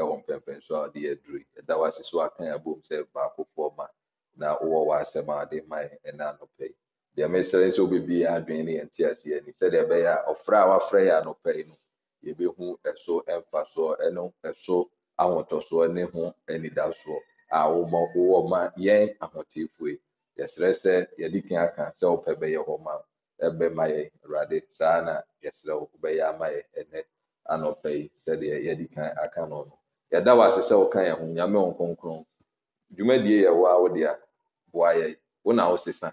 ɛwɔ mpɛmpɛnso a ɔde aduru ɛda wase so aka abom sɛ baakofoɔ ma na wowɔ w'asɛm a ɔde ma yɛ ɛna anɔpɛ yi deɛ mesrɛ sɛ wobɛbi yɛ adwene ne yɛnte aseɛ ani sɛdeɛ ɛbɛyɛ a ɔfrɛ a wafrɛ yɛ anɔpɛ yi no yɛbɛhu ɛso ɛmfasoɔ ɛno ɛso ahotɔsoɔ ne ho anidasoɔ a woma wowɔ ma yɛn ahoteefoɔ yi yɛsrɛ sɛ yɛde kan aka sɛ wopɛ bɛyɛ hɔ ma ɛbɛma yɛn awurade saa na yɛsrɛ wo wobɛyɛ ama yɛ ɛnɛ anɔpɛ yi sɛdeɛ yɛde kan aka no no yɛda wɔ ase sɛ woka yɛn ho nyame wo nkronkron dwumadie yɛwɔ a wode a boa yɛ wo na wo sesa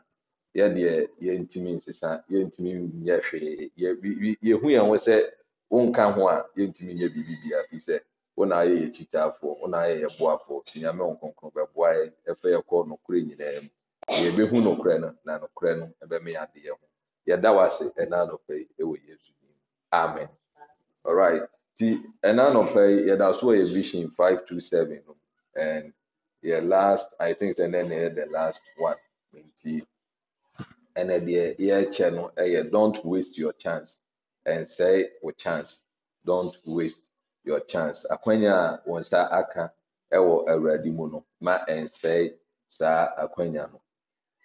yɛdeɛ yɛntumi nsesa yɛntumi nyɛ hwee yɛhu yɛn ho sɛ wonka ho a yɛntumi nyɛ biribi bia firi sɛ wo na ayɛ yɛ kyitaafoɔ wo na ayɛ yɛ boafoɔ nti nyame wo nkronkron bɛboa yɛ ɛfɛ e yɛkɔ nokorɛ nyinaa mu yɛbɛhu nokorɛ no na e nokorɛ no ɛbɛme adeɛ ho yɛda wɔ ase ɛna anɔpɛ yi ɛwɔ yesu amen all nti ɛna nɔpɛ yɛda so yɛ vision five two seven and yɛ last i think sɛ ɛnɛ na the last one nti ɛnɛ deɛ yɛrekyɛ no ɛyɛ don't waste your chance and say your chance don't waste your chance akwanya a wɔn nsa aka ɛwɔ awurade mu no ma ɛnsɛe saa akwanya no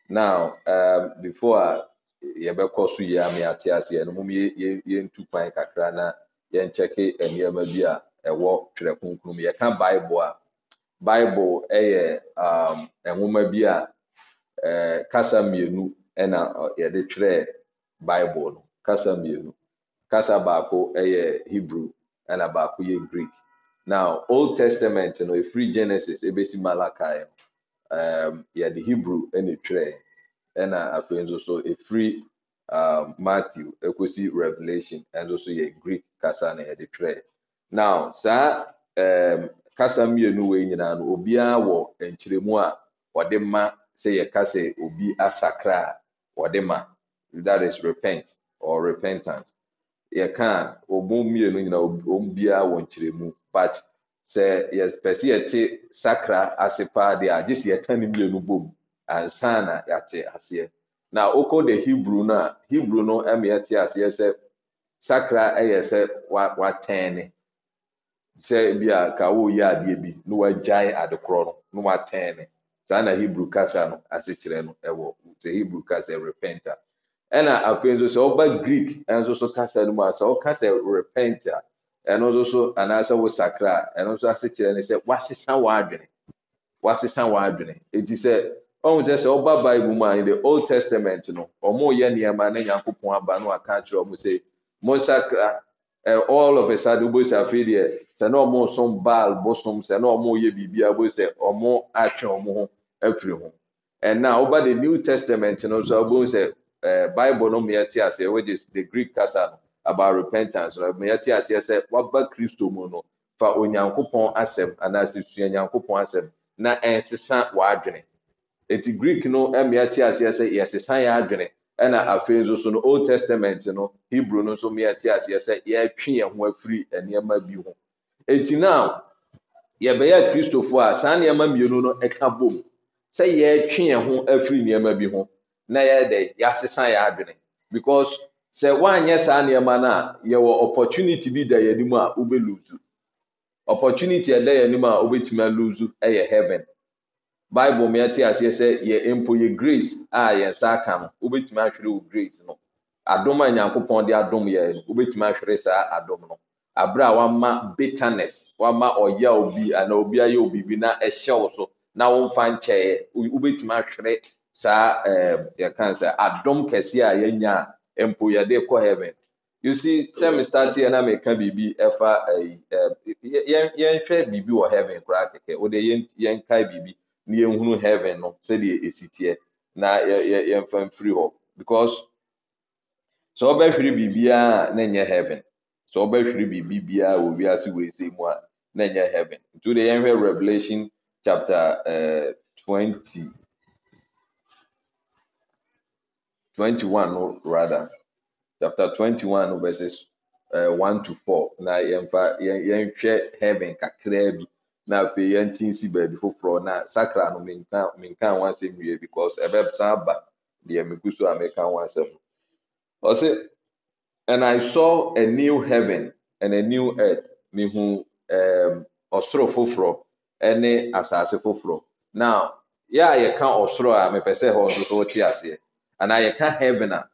now um, before a yɛbɛkɔ so yie a me ate aseɛ no mu yɛ yɛ yɛntu kwan kakra na. yɛnkyɛke nneɛma bi a ɛwɔ twerɛ kunkun mu yɛka bible a bible yɛ um, nwoma bi a eh, kasa mmienu na yɛde twerɛ bible no kasa mmienu kasa baako yɛ hebrew ɛna baako yɛ greek now old testament no efiri genesis ebesi malakai no um, yɛde hebrew na twerɛ ɛna afei nso so efiri. um, matthew ekosi revelation and also yɛ greek kasa na yɛde twerɛ now saa um, kasa mmienu wei nyinaa no obiara wɔ nkyerɛmu a wɔde ma sɛ yɛka sɛ obi asakra a wɔde ma that is repent or repentance yɛka a ɔmo mmienu nyinaa ɔm biara wɔ nkyerɛmu but sɛ yɛpɛ sɛ yɛte sakra ase paa deɛ agye sɛ yɛka ne mmienu bom ansa na yɛate aseɛ na okɔ de hebrew na hebrew no ɛma yɛte aseɛ sɛ sakra ɛyɛ sɛ watɛn ne sɛ bi a ka wɔreyɛ adeɛ bi na wagyae adekorɔ no na watɛn ne saa na hebrew kasa no asekyerɛ no ɛwɔ sɛ hebrew kasa repenta ɛna afei nso sɛ ɔba greek ɛnso so kasa no mu a sɛ ɔkasa repenta ɛno nso so anaasɛ wo sakra ɛno nso asekyerɛ ne sɛ wasesa w'adwene wasesa w'adwene eti sɛ ɔhun kyerɛ sɛ ɔba bible mu a in the old testament no ɔmo yɛ nneɛma ne nyankopɔn aba no aka kyerɛ ɔmo sɛ mo sakra ɛ all of a sudden bo sɛ afei deɛ sɛ na ɔmo som baal bosom sɛ na ɔmo yɛ biribi a bo sɛ ɔmo atwe ɔmo ho afiri ho ɛna ɔba the new testament no nso ɔbo sɛ ɛ bible no mmeɛ te aseɛ which is the greek kasa no about repentance no mmeɛ te aseɛ sɛ waba kristo mu no fa onyankopɔn asɛm anaasɛ sua nyankopɔn asɛm na ɛnsesa w'adwene. eti Grik no mmea eh, te aseɛ sɛ yɛsesa yɛ adwene ɛna afei nso so no old testament no hebrew no nso mmea te aseɛ sɛ e yɛn ho afiri nneɛma bi ho eti naa yɛbɛyɛ kristofo a saa nneɛma mmienu no ɛka bom sɛ yɛtwe yɛn ho afiri nneɛma bi ho na yɛde yɛasesa yɛ adwene because sɛ woanyɛ saa nneɛma no a yɛwɔ opportunity bi da yɛn anim a wobɛluzu opportunity ɛda yɛn anim a wobɛtumi aluzu ɛyɛ heaven bible mi ɛte aseɛ sɛ yɛ mpo yɛ grace a yɛn nsa aka no wobɛtumi ahwere wɔ grace no adom a nyankopɔn de adom yɛ no wobɛtumi ahwere saa adom no abere a wama bitterness wama ɔyɛ obi anaa obi ayɛ obi bi na ɛhyɛ wo so na wɔmfa nkyɛɛ wobɛtumi ahwere saa ɛɛ yɛka sɛ adom kɛseɛ a yɛnya a mpo yɛde kɔ heaven you see sɛ me start yɛ na meka biribi ɛfa ɛyi ɛɛ yɛn yɛnhwɛ biribi wɔ heaven koraa kɛkɛ o de yɛn yɛnkae biribi. na yɛnhunu heaven no sɛdeɛ ɛsi teɛ na yɛmfa mfiri hɔ because sɛ wobɛhwere biribiaa na ɛnyɛ heaven sɛ wobɛhwere biribi biaa wɔ wiase wɔɛsei mu a na ɛnyɛ heaven nti wode yɛnhwɛ revelation chapter uh, 20 21 no rather chapter 21 verses uh, 1 to 4 na yɛmfa yɛnhwɛ heaven kakraa bi na afei yɛnkye nsi baabi foforɔ na sakra no menka menka ho asɛm wie because ɛbɛsa aba deɛ megu so a meka ho asɛm ɔse and i saw a new heaven and a new earth mehu um, ɔsoro foforɔ ne asase foforɔ now yɛ a yɛka ɔsoro a mepɛ sɛ hɔ nso so wɔte aseɛ anaa yɛka heaven a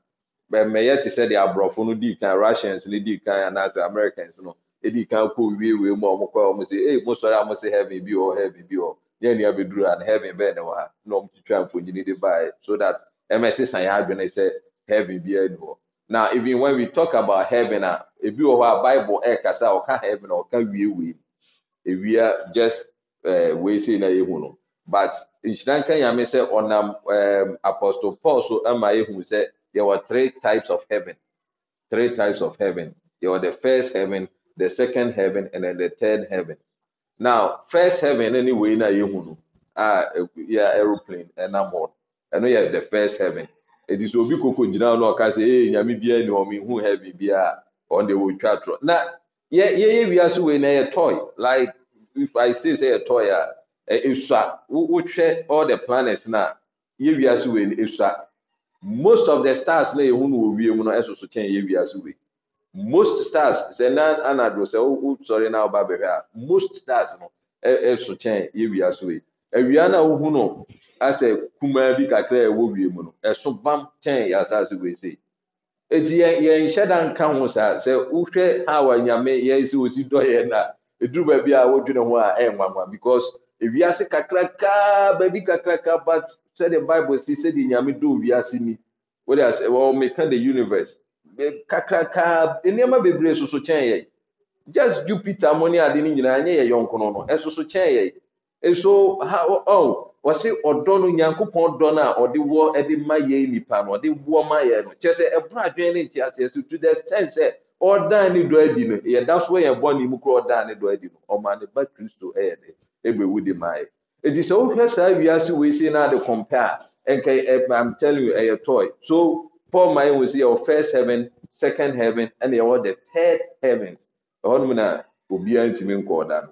mɛyɛ te sɛ deɛ aborɔfo no dii kan russians no di kan anaasɛ americans no ɛdi kan kɔ wiewie mu a wɔn kɔ a wɔn sɛ ee mo sɔrɔ a mo sɛ heaven bi wɔ heaven bi wɔ yɛn ni abɛduru ha no heaven bɛɛ na wɔ ha na wɔn twitwa mfonyin de baa so that ɛmɛ sisan yɛ adwene sɛ heaven bi ɛni hɔ na even when we talk about heaven a ah, ebi wɔ hɔ a bible ɛkasa ɔka heaven a ɔka wiewie ewia just ɛɛ eh, wei sei na ehu no but nhyira nka nyame sɛ ɔnam apostle paul so ama ehu sɛ there were three types of heaven three types of heaven there were the first heaven. the second heaven and then the third heaven now first heaven anyway na yɛhu ah, eh, eh, eh, no a yɛ aeroplane ɛnam hɔ ɛno yɛ the first heaven eti sɛ obi koko gyina hɔ na ɔka sɛ ee nyame bia ni wɔn ihu heaven bia ɔn de wotwa atorɔ na yɛ yɛyɛ wiase wei na yɛ toy like if i say say yɛ toy a ah, esua wotwɛ all the planets na yɛ wiase wei na esua most of the stars na yɛhu no wɔ wiem no ɛsoso kyɛn yɛ wiase wei most stars sɛ na anadwo sɛ wosɔre na woba bɛhwɛ a most stars no ɛso kyɛn yɛ wia so yi awia no a wohu no asɛ kumaa bi kakra a ɛwɔ wie mu no ɛso bam kyɛn yɛ asase wei sei eti yɛn yɛn hyɛda nka ho saa sɛ wohwɛ ha wa nyame yɛn sɛ osi dɔ yɛn na eduru baabi a wodwene ho a ɛyɛ nwanwa because ewiase kakraka baabi kakraka but sɛdeɛ bible si sɛdeɛ nyame do owiase ni wɔde asɛ wɔn meka the universe kakraka nneɛma bebree soso kyɛn yɛ just jupiter mo ne ade no nyinaa nyɛ yɛ yɔnko no no ɛsoso kyɛn yɛ nso ha ɔn wɔsi ɔdɔ no nyankopɔn dɔ no a ɔde wɔ ɛde ma yɛ nipa no ɔde wɔ ma yɛ no kyerɛ sɛ ɛbura adwene ne nti aseɛ so to the extent sɛ ɔdan ne dɔ adi no yɛda so yɛn bɔ ne mu kora ɔdan ne dɔ adi no ɔma ne ba kristo ɛyɛ ne ɛbɛwu de ma yɛ edi sɛ wohwɛ saa wiase wei si na de compare nkɛ ɛ i'm telling you ɛyɛ toy so paul maye wɔ si yɛ first heaven second heaven ɛna yɛwɔ the third heaven ɛhɔnom na obiara ntumi nkɔ ɔda no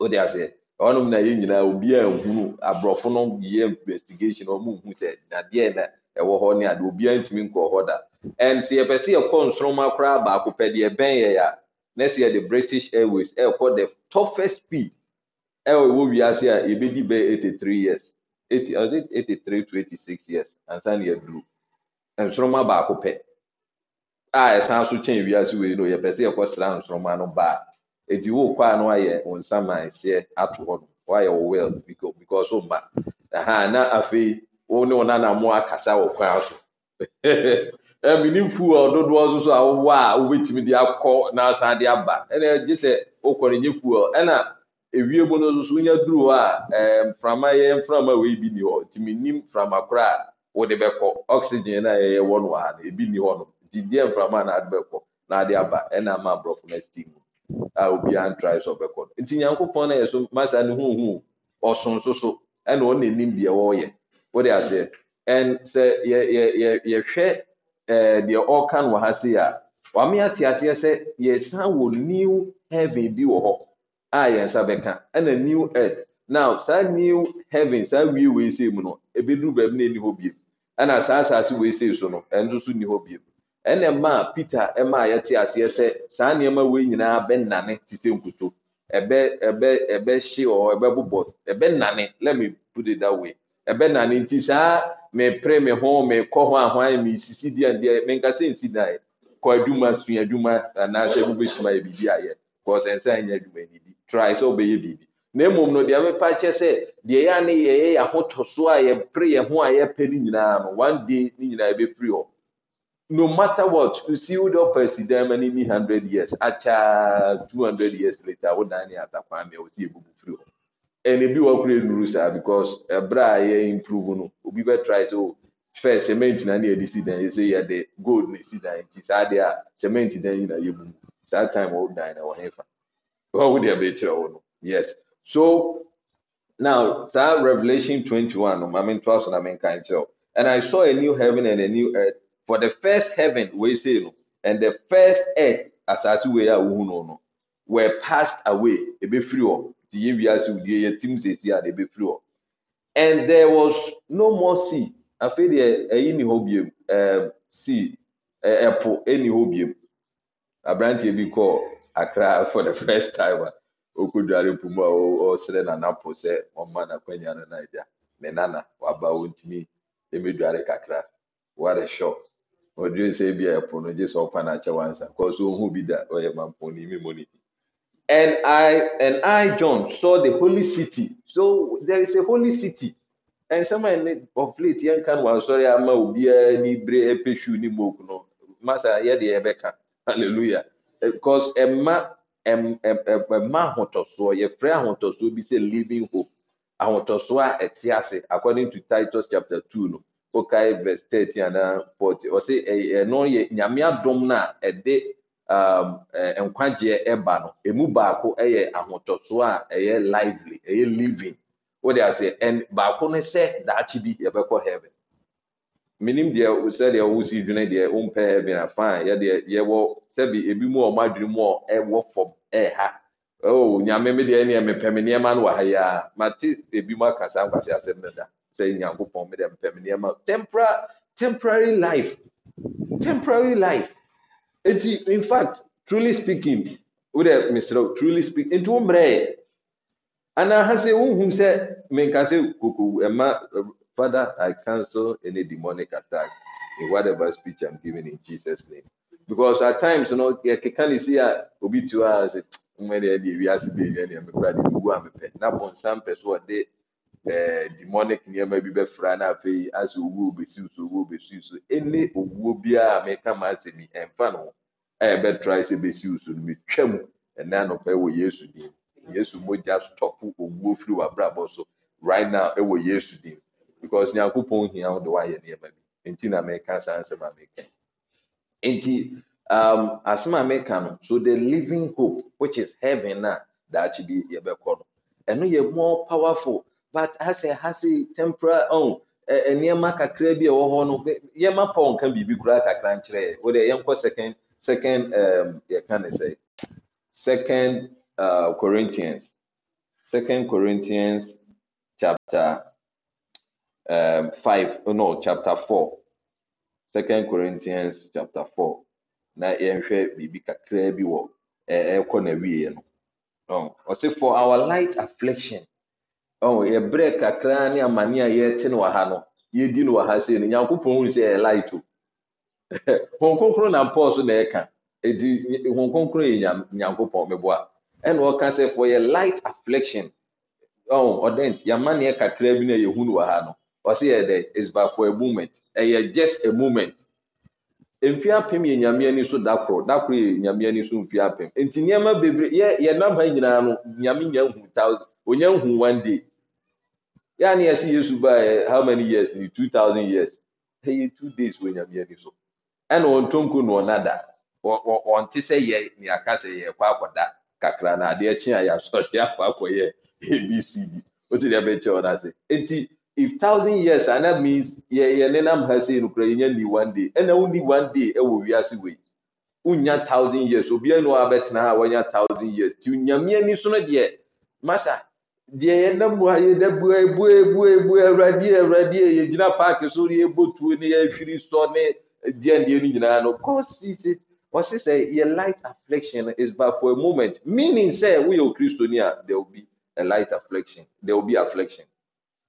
o de aseɛ ɛhɔnom na yɛn nyinaa obiara nhunu aborɔfo no yɛ investigation wɔn nhu sɛ nadeɛ na ɛwɔ hɔ ne ade obiara ntumi nkɔ hɔ da and sɛ yɛpɛ sɛ yɛkɔ nsoroma koraa baako pɛ deɛ bɛn yɛ ya na sɛ yɛde british airways ɛrekɔ the toughest speed ɛwɔ ɛwɔ wiase a yɛbɛdi bɛyɛ eighty three years eighty eighty three to eighty six years ansa na yɛduru. nsoroma baako pɛ a ɛsan so kyɛn wiase wei no yɛpɛ sɛ yɛkɔsra nsoroma no baa eti wo kwaa no ayɛ wɔn nsamanseɛ ato hɔ no wayɛ wɔ well because o ma aha na afei wo ne wɔn anam akasa wɔ kwan so ɛmi ne mfu a ɔdodoɔ nso so a wowɔ a wobɛtumi de akɔ na asan de aba ɛna gye sɛ wokɔ no nye fu a ɛna ewie mu no nso so wonya hɔ a ɛɛ mframa yɛ mframa wei bi ni hɔ tumi nim mframa koraa. wode bɛkɔ oxygen na a yɛyɛwɔ no ha no ebi ni hɔ no gyigyeɛ mframa a naade bɛkɔ naade aba ɛna ama aborɔfo no asti a obiara ntrae sɛ ɔbɛkɔ no nti nyankopɔn no yɛ so masa no huhu ɔson so so ɛna ɔna nim deɛ wɔreyɛ wode aseɛ ɛn sɛ yɛhwɛ deɛ ɔreka no wɔ ha sei a wame ate aseɛ sɛ yɛsan wɔ new heaven bi wɔ hɔ a yɛn nsa bɛka ɛna new earth now saa new heaven saa wie wei sei mu no ebeduru baabi na eni hɔ biem ɛna saa asase wei sei so no ɛnso so nni hɔ bio ɛna mmaa peter mmaa yɛte aseɛ sɛ saa nneɛma wei nyinaa bɛnane te sɛ nkuto ɛbɛ ɛbɛ ɛbɛhye ɔ ɛbɛbobɔ ɛbɛnane let me put it that way ɛbɛnane nti saa mepere me ho mekɔ ho ahwan mesisi deɛ deɛ menkasa nsi dan kɔ adwuma sua adwuma anaasɛ wobɛsuma yɛ biribi ayɛ kɔɔ sɛ nsa nyɛ adwuma nidi try sɛ wobɛyɛ biribi na mmom no deɛ mepa kyɛ sɛ deɛ yɛ a ne yɛyɛ yɛ ahotosoɔ a yɛpere yɛn ho a yɛpɛ no nyinaa no one day ne nyinaa yɛbɛfiri hɔ no matter what you see wo de ɔpa si dan ma ne ni hundred years akyaa two hundred years later wo dan ne atakwan mea wosi ebubu firi hɔ ɛna ebi wɔkura enuru saa because ɛbrɛ a yɛ improve no obi bɛ try sɛ o oh, fɛ cement na ne yɛde si dan yɛ sɛ yɛde gold na esi dan nti saa deɛ a cement dan nyinaa yɛ bubu saa time wo dan na wɔn hefa wɔn wo deɛ bɛ kyerɛ wɔn no yes. So now that Revelation 21, I mean 12 and I mean kind of. And I saw a new heaven and a new earth. For the first heaven, we say and the first earth, as I see we are no, were passed away. A be free or the teams is here, they be free. And there was no more sea. I feel the any hobby sea airport any hobby. Abranti be called cry for the first time. okɔdware mpo mu a ɔ- ɔresrɛ nanapo sɛ ɔmma na agya ne nana waba a ɔntumi mmɛdware kakra ware shɔ bia ɛpo no gye sɛ ɔfa no akyɛ wansa kɔɔ so ɔhu bi da ɔyɛ and I and I John saw the holy city. So there is a holy city. And someone of late young can one sorry ama ubia ni bre epishu ni moku no. Masa ye de ebeka. Hallelujah. Because eh, a e ma ɛma ahotɔsoɔ yɛfrɛ ahotɔsoɔ bi sɛ living hope ahotɔsoɔ a ɛte ase according to titus chapter two no okae verse thirty and forty ɔsɛ ɛno yɛ nyame adom no a ɛde um, nkwagyeɛ ɛba no emu baako ɛyɛ ahotɔsoɔ a ɛyɛ lively ɛyɛ living wɔde ase ɛn baako no sɛ daakye bi yɛbɛkɔ heaven. Minim deɛ sɛdeɛ wosi dwene deɛ wompɛ heaven a fine yɛdeɛ yɛwɔ sɛbi ebi mu a ɔmo adwene mu a ɛwɔ fam ɛha oh nyame me deɛ ɛneɛ mepɛ me nneɛma no wɔ ha yi a mate ebi mu aka saa asɛm no da sɛ nyankopɔn me deɛ mepɛ nneɛma temporary temporary life temporary life eti in fact truly speaking wodɛ mesrɛ truly speaking nti wo mmerɛ yɛ anaa ha sɛ wohum sɛ menka sɛ koko ɛma Father, I cancel any demonic attack in whatever speech I'm giving in Jesus' name. Because at times, you know, can you see obi two hours mmeri ɛdi ewi ase bi ewi ɛni ɛmekura de ewu amepɛ na bɔnsam pɛ so ɔde they demonic nneɛma bi bɛfra na afei ase be obesiw so owu obesiw so ɛne owuo biara meka ma ase mi ɛnfa no ɛyɛ bɛtra ɛsɛ besiw so no mi twɛm ɛnna anɔpɛ wɔ yesu dim yesu mogya stɔpu owuo firi wɔ abrabɔ so right now ɛwɔ yesu dim because nyankopɔn hia wo de woayɛ nneɛma bi nti na meka saa nsɛm a meka nti um, asɛm a meka no so the living hope which is heaven na daakye bi yɛbɛkɔ no ɛno yɛ more powerful but has a has a temporal oh, nneɛma kakra bi a ɛwɔ hɔ no yɛma paul nka biribi koraa kakra nkyerɛ yɛ yɛnkɔ second second um, yɛka ne sɛ second uh, corinthians second corinthians chapter um, 5 no chapter 4 second corinthians chapter 4 na yɛnhwɛ biribi kakraa bi wɔ ɛɛkɔ na wie no ɔsɛ for our light affliction yɛbrɛ kakraa ne amane a yɛte no wɔ ha no yɛdi no wɔ ha sei no nyankopɔn hunu sɛ yɛ light o hon kronkron na paul so na ɛka ɛti hon kronkron yɛ nyankopɔn meboa ɛna ɔka sɛ for yɛ light affliction ɔdɛnt yɛamaneɛ kakraa bi no a yɛhunu wɔ ha no ɔsi yɛ dɛ it's but for a moment ɛyɛ just a moment mfi apem yɛ nyame ani so dakoro dakoro yɛ nyame ani so mfi apem nti nneɛma bebree yɛ yɛ nam ha nyinaa no nyame nya nhu thousand onya nhu one day yaani yɛsi yesu ba yɛ how many years ni two thousand years ɛyɛ two days wɔ nyame ani so ɛna wɔn tonko na ɔnada wɔ wɔn ti sɛ yɛ ne aka sɛ yɛ kɔ akɔda kakra na adeɛ kyen a yɛ asɔre akɔ akɔyɛ abcd o ti deɛ bɛ kyɛ ɔna se eti. if thousand years and that means yɛ yɛ nenam ha sɛ nukura yɛ ni one day ɛna wo ni one day ɛwɔ eh, wiase wei wonya thousand years obiara na wabɛtena a wanya thousand years ti nyamea ni so no deɛ masa deɛ yɛnam ha yɛda bua ebua ebua ebua awurade awurade yɛgyina paaki so yɛbɔ tuo ne yɛahwiri sɔ ne deɛ deɛ no nyinaa no god sees it wɔsi sɛ yɛ light affliction is but for a moment meaning sɛ woyɛ okristoni a there will be a light affliction there will be affliction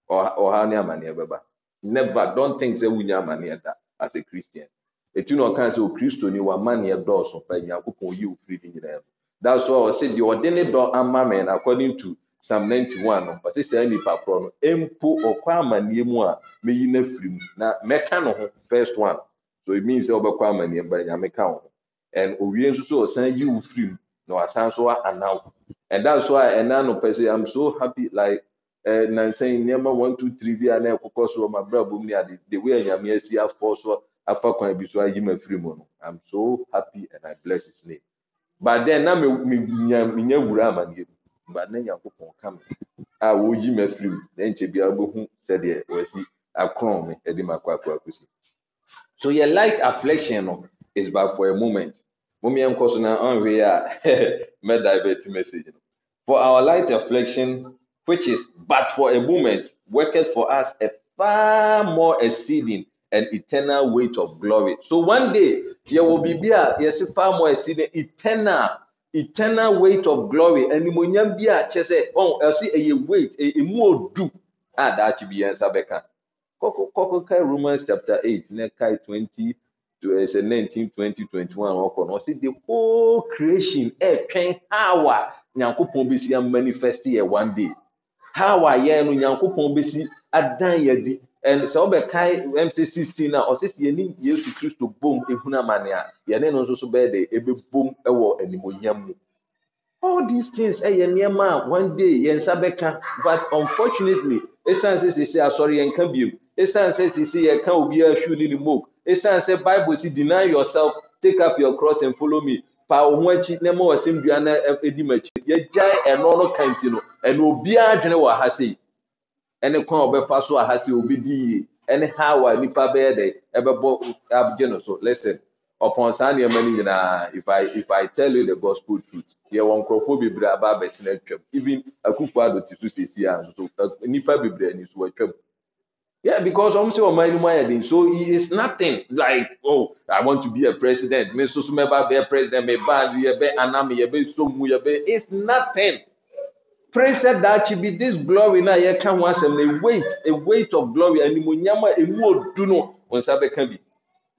ɔha ne amanneɛ bɛba never don't think sɛ wonya amanneɛ da as a christian ɛti na ɔka sɛ okristoni wamanneɛ dɔɔso pa nyankopɔn ɔyi wo firi ne nyinaa mu that's why ɔsɛ deɛ ɔde ne dɔ ama me na according to psalm 91 no ɔsɛ saa nipa korɔ no mpo ɔkɔ amanneɛ mu a meyi no afiri mu na mɛka no ho first one so it means sɛ wobɛkɔ amanneɛ ba nyame ka wo ho and owie nso so ɔsan yi wo firi mu na wasan so anaw and that's why ɛna no pɛ sɛ i'm so happy like i eh, yi nneɛma one two three bi a na ɛkokɔ so wɔ ma brabo mu ne ade the way anyame asi afɔ so afa kwan bi so ayi ma firi mu no i'm so happy and i bless his name but then na me me nya me nya wura amaneɛ mu but na nyankopɔn ka me a wɔyi ma firi mu na nkyɛn bi abɛhu sɛdeɛ wɔasi akɔn me ɛde ma akɔ akɔ akɔsi so your light affliction no is but for a moment mo mmiɛ nkɔ so na ɔnhwɛ a mɛ divert message no for our light affliction which is but for a moment, worketh for us a far more exceeding and eternal weight of glory. So one day, there will be beer, yes, far more exceeding eternal, eternal weight of glory. And nimonyam beer, chese, oh, I see a weight, a more do. Ah, that should be answer back. Koko kai Romans chapter 8, Nekai 20 to eh, 19, 20, 21. Or see the whole creation, a eh, pen hour, nyankopon be see manifest here one day. how ayɛ no nyankopɔn bɛsi adan yɛ di and sɛ ɔbɛkae mc sixteen a ɔsi si yɛne yesu kristo bom ehun amane a yɛne no nso so bɛyɛ de ebe bom ɛwɔ animonyam mu all these things ɛyɛ eh, nneɛma a one day yɛn nsa bɛka but unfortunately esan sɛ sisi asɔre yɛn ka biem esan sɛ sisi yɛn ka obi asu ne ne moke esan sɛ bible si deny yourself take up your cross and follow me fa wɔn ho akyi na ma wɔsɛm dua na ɛdi mu akyi yɛgyae ɛno no kanti no ɛna obiara adwene wɔ ha sei ɛne kwan a ɔbɛfa so aha sei obi di yie ɛne ha wa nipa bɛyɛ dɛ ɛbɛbɔ abgye no so listen upon saa nneɛma no nyinaa if i if i tell you the gospel truth yɛ wɔ nkurɔfoɔ bebree aba abɛsena atwam even akufo do ti so sisi a nso nipa bebree ani so wɔatwam Yeah, because ọmọ sẹ ọmọ ẹni mọ ayẹ de so it's nothing like oh I want to be a president mi nso so be a president mi ba mi yẹ bẹ ana mi yẹ bẹ so mu yẹ bẹ it's nothing praise that she be this glory na yẹ ka ho asẹm na a weight a weight of glory animonyam a emu odu no wọn nsa bẹ ka bi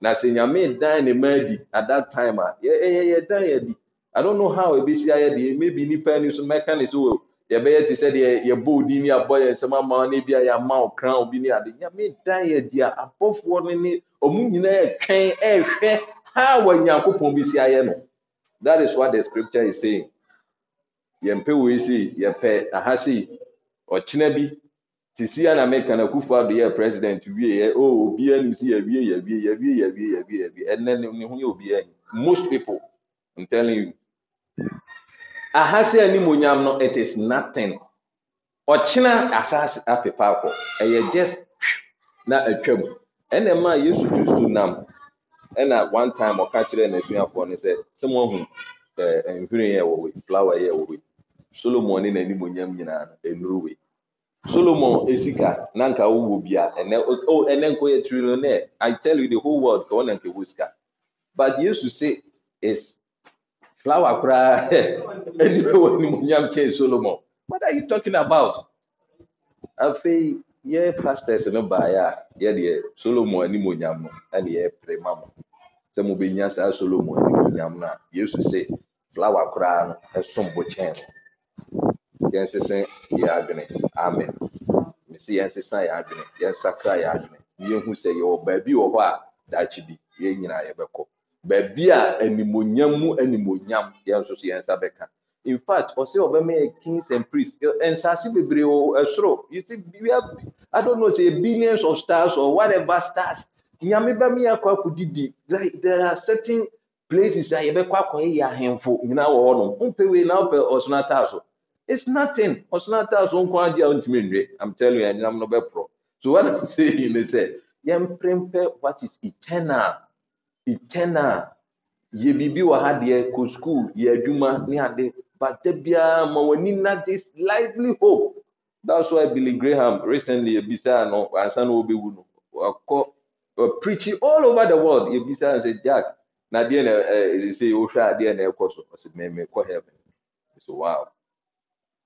na sẹ nyame dan ne mma bi at that time a ah. yẹ yẹ yẹ dan yẹ bi I don't know how ebi si ayẹ de maybe nipa ni so mẹka ne oh, yɛbɛyɛ te sɛ deɛ yɛbɔ odi ne abɔ yɛn nsɛm ama ne bi a yɛama wo kran obi ne ade nyame dan yɛ deɛ abɔfoɔ no ne ɔmo nyinaa ɛtwɛn ɛɛhwɛ ha wɔ nyankopɔn bi si ayɛ no that is what the scripture is saying yɛmpɛ wei si yɛpɛ aha si ɔkyena bi sisi a na meka na kufu ado yɛ president wie yɛ o oh, obi anim si yɛ wie yɛ wie yɛ wie yɛ wie yɛ wie yɛ wie ɛnɛ ne ho yɛ obi anim most people i'm telling you. ahase anim onyam no it is nothing ɔkyena asase apepa akɔ ɛyɛ just na atwam ɛna ɛma yesu kristo nam ɛna one time ɔka kyerɛ n'asuafoɔ no sɛ sɛ mo ahu ɛɛ nhwiren yɛ wɔ flower yɛ wɔ wei solomon ne n'anim onyam nyinaa enuru wei solomon esika nanka owó bia ɛnɛ o ɛnɛ yɛ trillionaire i tell you the whole world sika but yesu say flower koraa ɛni wɔ animonyam kyɛn solomon what are you talking about afei yɛ pastors no baayɛ a yɛdeɛ solomon animonyam no ɛna yɛpere ma mo sɛ mo bɛ nya saa solomon animonyam no a yesu sɛ flower koraa no ɛsom bo kyɛn no yɛn sese yɛ adwene amen mesi yɛn sesa yɛ adwene yɛn sakra yɛ adwene yɛn hu sɛ yɛwɔ baabi wɔ hɔ a daakye bi yɛn nyinaa yɛbɛkɔ baabi a animonyam mu animonyam yɛn nso so yɛn nsa bɛka in fact ɔsɛ ɔbɛma yɛ kings and priests nsaase bebree wɔ ɛsoro you see we have i don't know say billions of stars or whatever stars nyame bɛma yɛ akɔ akɔdidi like there are certain places a yɛbɛkɔ akɔyɛ yɛ ahemfo nyinaa wɔ hɔnom mpɛwee na ɔpɛ ɔsono ataa so it's nothing ɔsono ataa so nko adi a ntumi nwe i'm telling you anyinam no bɛporɔ so what i'm saying is say yɛn mpɛmpɛ what is eternal. kyɛn a yɛ biribi wɔ ha deɛ kɔ sukuu yɛ adwuma ne ade bata biara ma w'ani na this lively hope that's why billy graham recently ebisaa no ansa na obewu no wakɔ preaching all over the world ebisaa no sɛ jack na deɛ na ɛɛ sɛ ohwɛ adeɛ na ɛkɔ so ɔsɛ mɛmɛ kɔ heaven so wow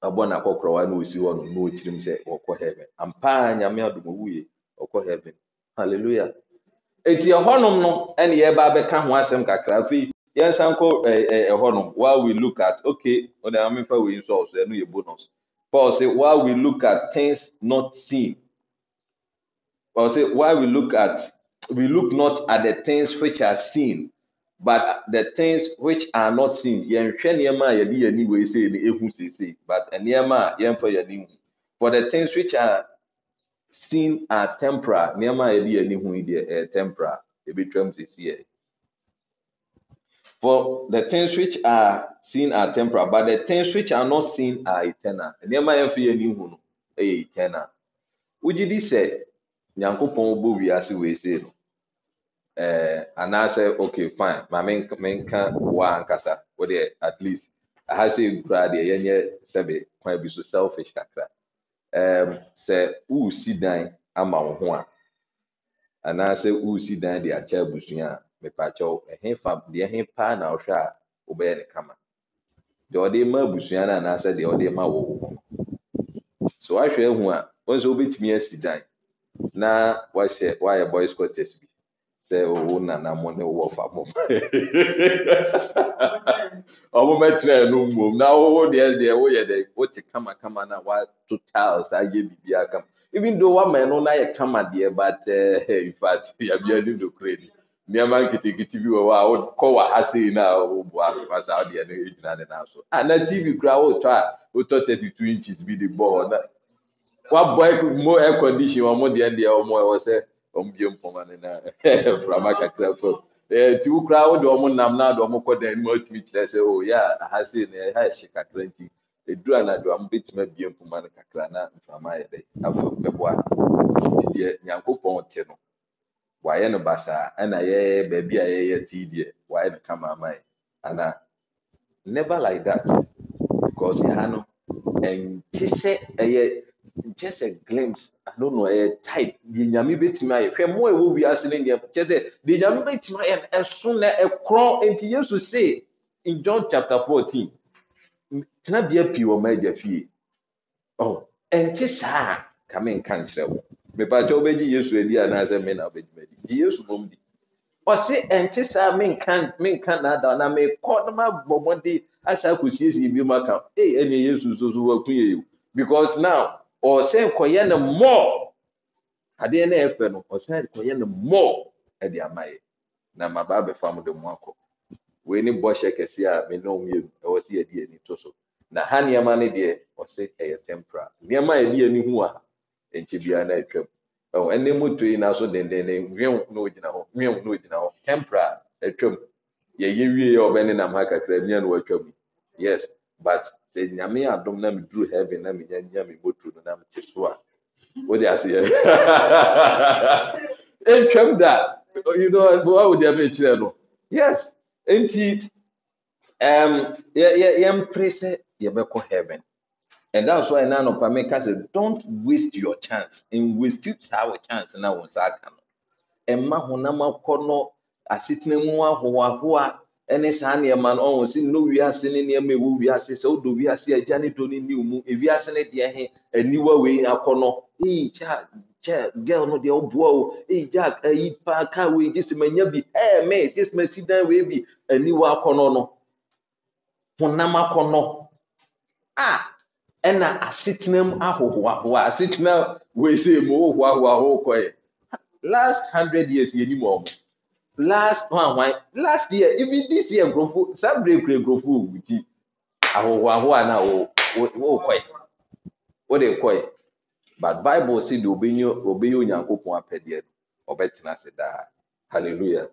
abɔ na akɔkorɔwa na osi hɔ no na okyirim sɛ ɔkɔ heaven ampaa nyame adum owuye ɔkɔ heaven hallelujah. eti ɛhɔnom no ɛna yɛba abɛka ho asɛm kakra afei yɛnsan kɔ ɛɛ ɛhɔnom while we look at okay ɔde amefa wei nso ɔso ɛno yɛ bonus paul say while we look at things not seen paul say while we look at we look not at the things which are seen but the things which are not seen yɛnhwɛ nneɛma a yɛde yɛn ani wei sɛ yɛn ehu sese but nneɛma a yɛnfa yɛn ani hu for the things which are seen are temporal nneɛma a yɛde yɛn ani hu yi deɛ ɛyɛ temporal ebitwam sisi yɛ for the things which are seen are temporal but the things which are not seen are eternal nneɛma yɛn fi yɛn ani hu no ɛyɛ eternal wogye di sɛ nyankopɔn bɔ wiase wɔ ese no ɛɛ anaasɛ okay fine maame menka wɔ ankasa wɔ deɛ at least aha sɛ nkura deɛ yɛn yɛ sɛbe kwan bi so selfish kakra. ee sɛ wusi dan ama wo ho a anaasɛ wusi dan de akyɛ abusua a mepaakyɛw ɛhe fa deɛ he paa na ɔhwɛ a ɔbɛyɛ ne kama deɛ ɔde ma abusua no anaasɛ deɛ ɔde ma wo ho so wahwɛ ahu a wɔn nso wobɛtumi asi dan na wahyɛ wayɛ boy scotters bi sɛ wo nana mo ne wowɔ fa mo wɔbɛkyerɛ no mmom na wowo deɛ deɛ woyɛ dɛ wote kamakama na wato tiles ayɛ biribi akam even though wama no na yɛ kama deɛ but ɛɛ eh, in fact yabea ni dokore ni nneɛma nketenkete bi wɔ hɔ a wokɔ wɔ ha sei na wobu akoma saa deɛ no gyina ne nan so a na tv kura wotɔ a wotɔ thirty two inches bi de bɔ hɔ na wabɔ mo air condition wɔn deɛ deɛ wɔn ɛwɔ sɛ wɔn bie mpoma ne na furama kakra fam. nti eh, wo koraa wode ɔmo nam na ade ɔmo kɔ dan mu atumi kyerɛ sɛ o oh, yɛ a aha sei na ha ɛhye kakra nti eduru anadwo a mobɛtumi abie mpoma no kakra na mframa ayɛ dɛ afam bɛboa ya deɛ nyankopɔn te no wayɛ no basaa ɛna baabi a yɛyɛ tii deɛ wayɛ no kama ama yɛ ana never like that because ha no sɛ just a glimpse i don't know a type di nyame betumi ayɛ hwɛ mo a ɛwɔ wiase ne nea kyɛ sɛ di nyame betumi ayɛ no ɛso na ɛkorɔ nti yesu say in john chapter fourteen tena bea pii wɔ mmaa agya fie ɔ ɛnte saa kame nka nkyerɛ wo mepatɛ wobɛgye yesu adi anaasɛ me na wobɛgye madi gye yesu mom di ɔse ɛnte saa menka menka naadaw na mekɔ na mabɔ mmɔde asa akɔsiesie bi mu aka ei ɛneɛ yesu nso so waku yɛ yo because now ɔsan kɔyɛ no mɔɔ adeɛ no ɛfɛ no ɔsan kɔyɛ no mɔɔ ɛde ama yɛ na ma baa bɛfa mo de mu akɔ wei ne bɔhyɛ kɛse a me nɔm yɛ mu ɛwɔ sɛ yɛde ani to so na ha nneɛma no deɛ ɔse ɛyɛ tempra nneɛma a yɛde ani hu a nkyɛ biara no atwam ɛwɔ ɛnɛ mu to yi na so dendenden nwin na ogyina hɔ nwin na ogyina hɔ tempra atwam yɛyɛ wie yɛ ɔbɛn nam ha kakra mmea na watwam yes but sɛ nyame adom na meduru heaven na menya nya me motu no na mete so a wode aseɛ ntwam da you know wa wode amekyerɛ no yes nti um, yɛmpere sɛ yɛbɛkɔ heaven and that's why now no me ka don't waste your chance and we still have a chance na wo nsa aka no ɛma honam akɔ no asetena mu ahohoahoa ne saa nneɛma no ɔwɔ si no wiase ne nneɛma ɛwɔ wiase sɛ wodɔ wiase agya ne dɔ ne niw mu ewiase ne deɛ he aniwa wei akɔ no eyi kya kya girl no deɛ ɔboa o eyi jack eyi paa kaa wei gye sɛ manya bi ɛɛ mɛ gye sɛ dan wei bi aniwa akɔ no no honam akɔ no a ɛna asetenam ahohoahoa asetenam wei sɛ mu ohoahoa ho kɔɛ last hundred years yɛ nim ɔmo. last one last year even this year nkurɔfo saa bere kura nkurɔfo owu ti ahoho ahoho a na wo wo kɔɛ wo de kɔɛ but bible si de obenye obenye onyankopɔn apɛdeɛ no ɔbɛtena ase daa hallelujah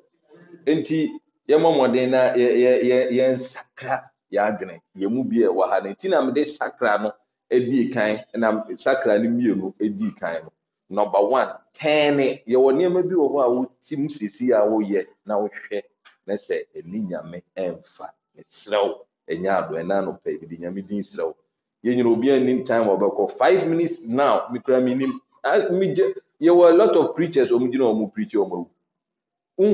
nti yɛn mɔmɔden na yɛ yɛ yɛ yɛn sakra yɛ adwene yɛn mu bi ɛwɔ ha na nti na mo de sakra no edi kan na sakra no mmienu edi kan no number one tɛn ne yɛwɔ nneɛma bi wɔ hɔ a wotim sisi a woyɛ na wohwɛ na sɛ ɛni nyame ɛnfa ɛsrɛw ɛnyɛ ado ɛna anɔpɛ ebi nyame din srɛw yɛn nyina obi anim time ɔbɛkɔ five minutes now mikura mi nim mi gye yɛwɔ a lot of preachers wɔn gyina wɔn preach wɔn awu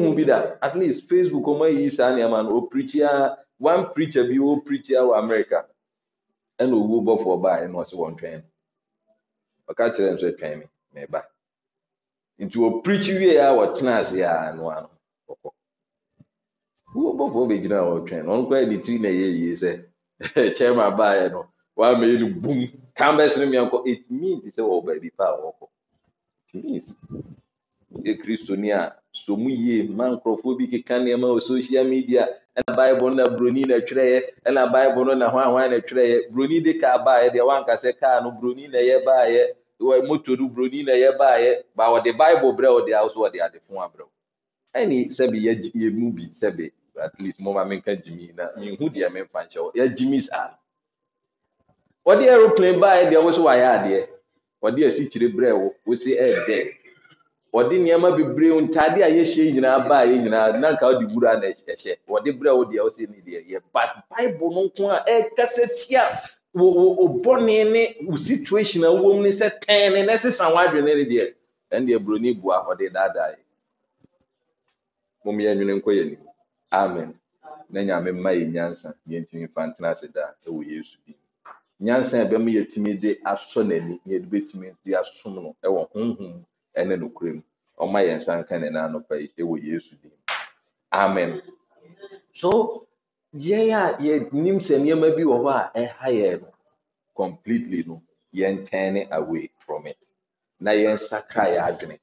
nhun bi da at least facebook wɔn ayi saa nneɛma no opreach a one preacher bi opreach a wɔ america ɛna owu bɔfo ɔbaa ɛna ɔsi wɔn twɛn ɔka kyerɛ nso twɛn mi. meba nti wɔpirikyi wie a wɔtena ase anụ ọkọ ano bọfọ wɔbɔfo bɛgyina a wɔtwɛn no ɔno na eyi yie sɛ kyɛma bum it means baabi a it yie ma nkurɔfoɔ bi keka nneɛma wɔ social media ɛna na broni na twerɛeɛ ɛna na hwan na broni de kaa deɛ kaa no broni na moto no buroni na ɛyɛ baayɛ ba ɔde bible brɛ ɔde awo so ɔde ade fun abrɛ ɛni sɛbi yɛ yɛ mu bi sɛbi at least mo ma mi nka jimi na ihu deɛ mi nfa nkyɛn yɛ jimi saa ɔde aeroplane baayɛ deɛ ɔwɔ so wayɛ adeɛ ɔde asikyire brɛ wo wosi ɛɛdɛ ɔde nneɛma bebree ntaade a yɛhyɛ nyinaa baayɛ nyinaa nanka ɔde wura na ɛhyɛ ɔde brɛ wo deɛ ɔsi ne deɛ yɛ ba bible no nko a ɛkasa tia wobɔne ne wo situation a wowɔ mu ne sɛ tɛn ne sesa w'adwene ne deɛ ɛn deɛ buroni bu ahɔde daadae mommyɛ nwene nkɔ yɛ nim amen na nyame mma yɛ nyansa yɛntumi fa ntena ase daa ɛwɔ yesu din nyansa a ɛbɛma yɛtumi de asɔ n'ani na yɛde bɛtumi de asom no ɛwɔ honhom ɛne nokorɛ mu ɔma yɛn nsa nka ne nan anɔpa yi ɛwɔ yesu din amen so yɛn a yɛnim sɛ nneɛma bi wɔ hɔ a ɛha yɛn no completely no yɛn turn away from it na yɛn sakra yɛn adwene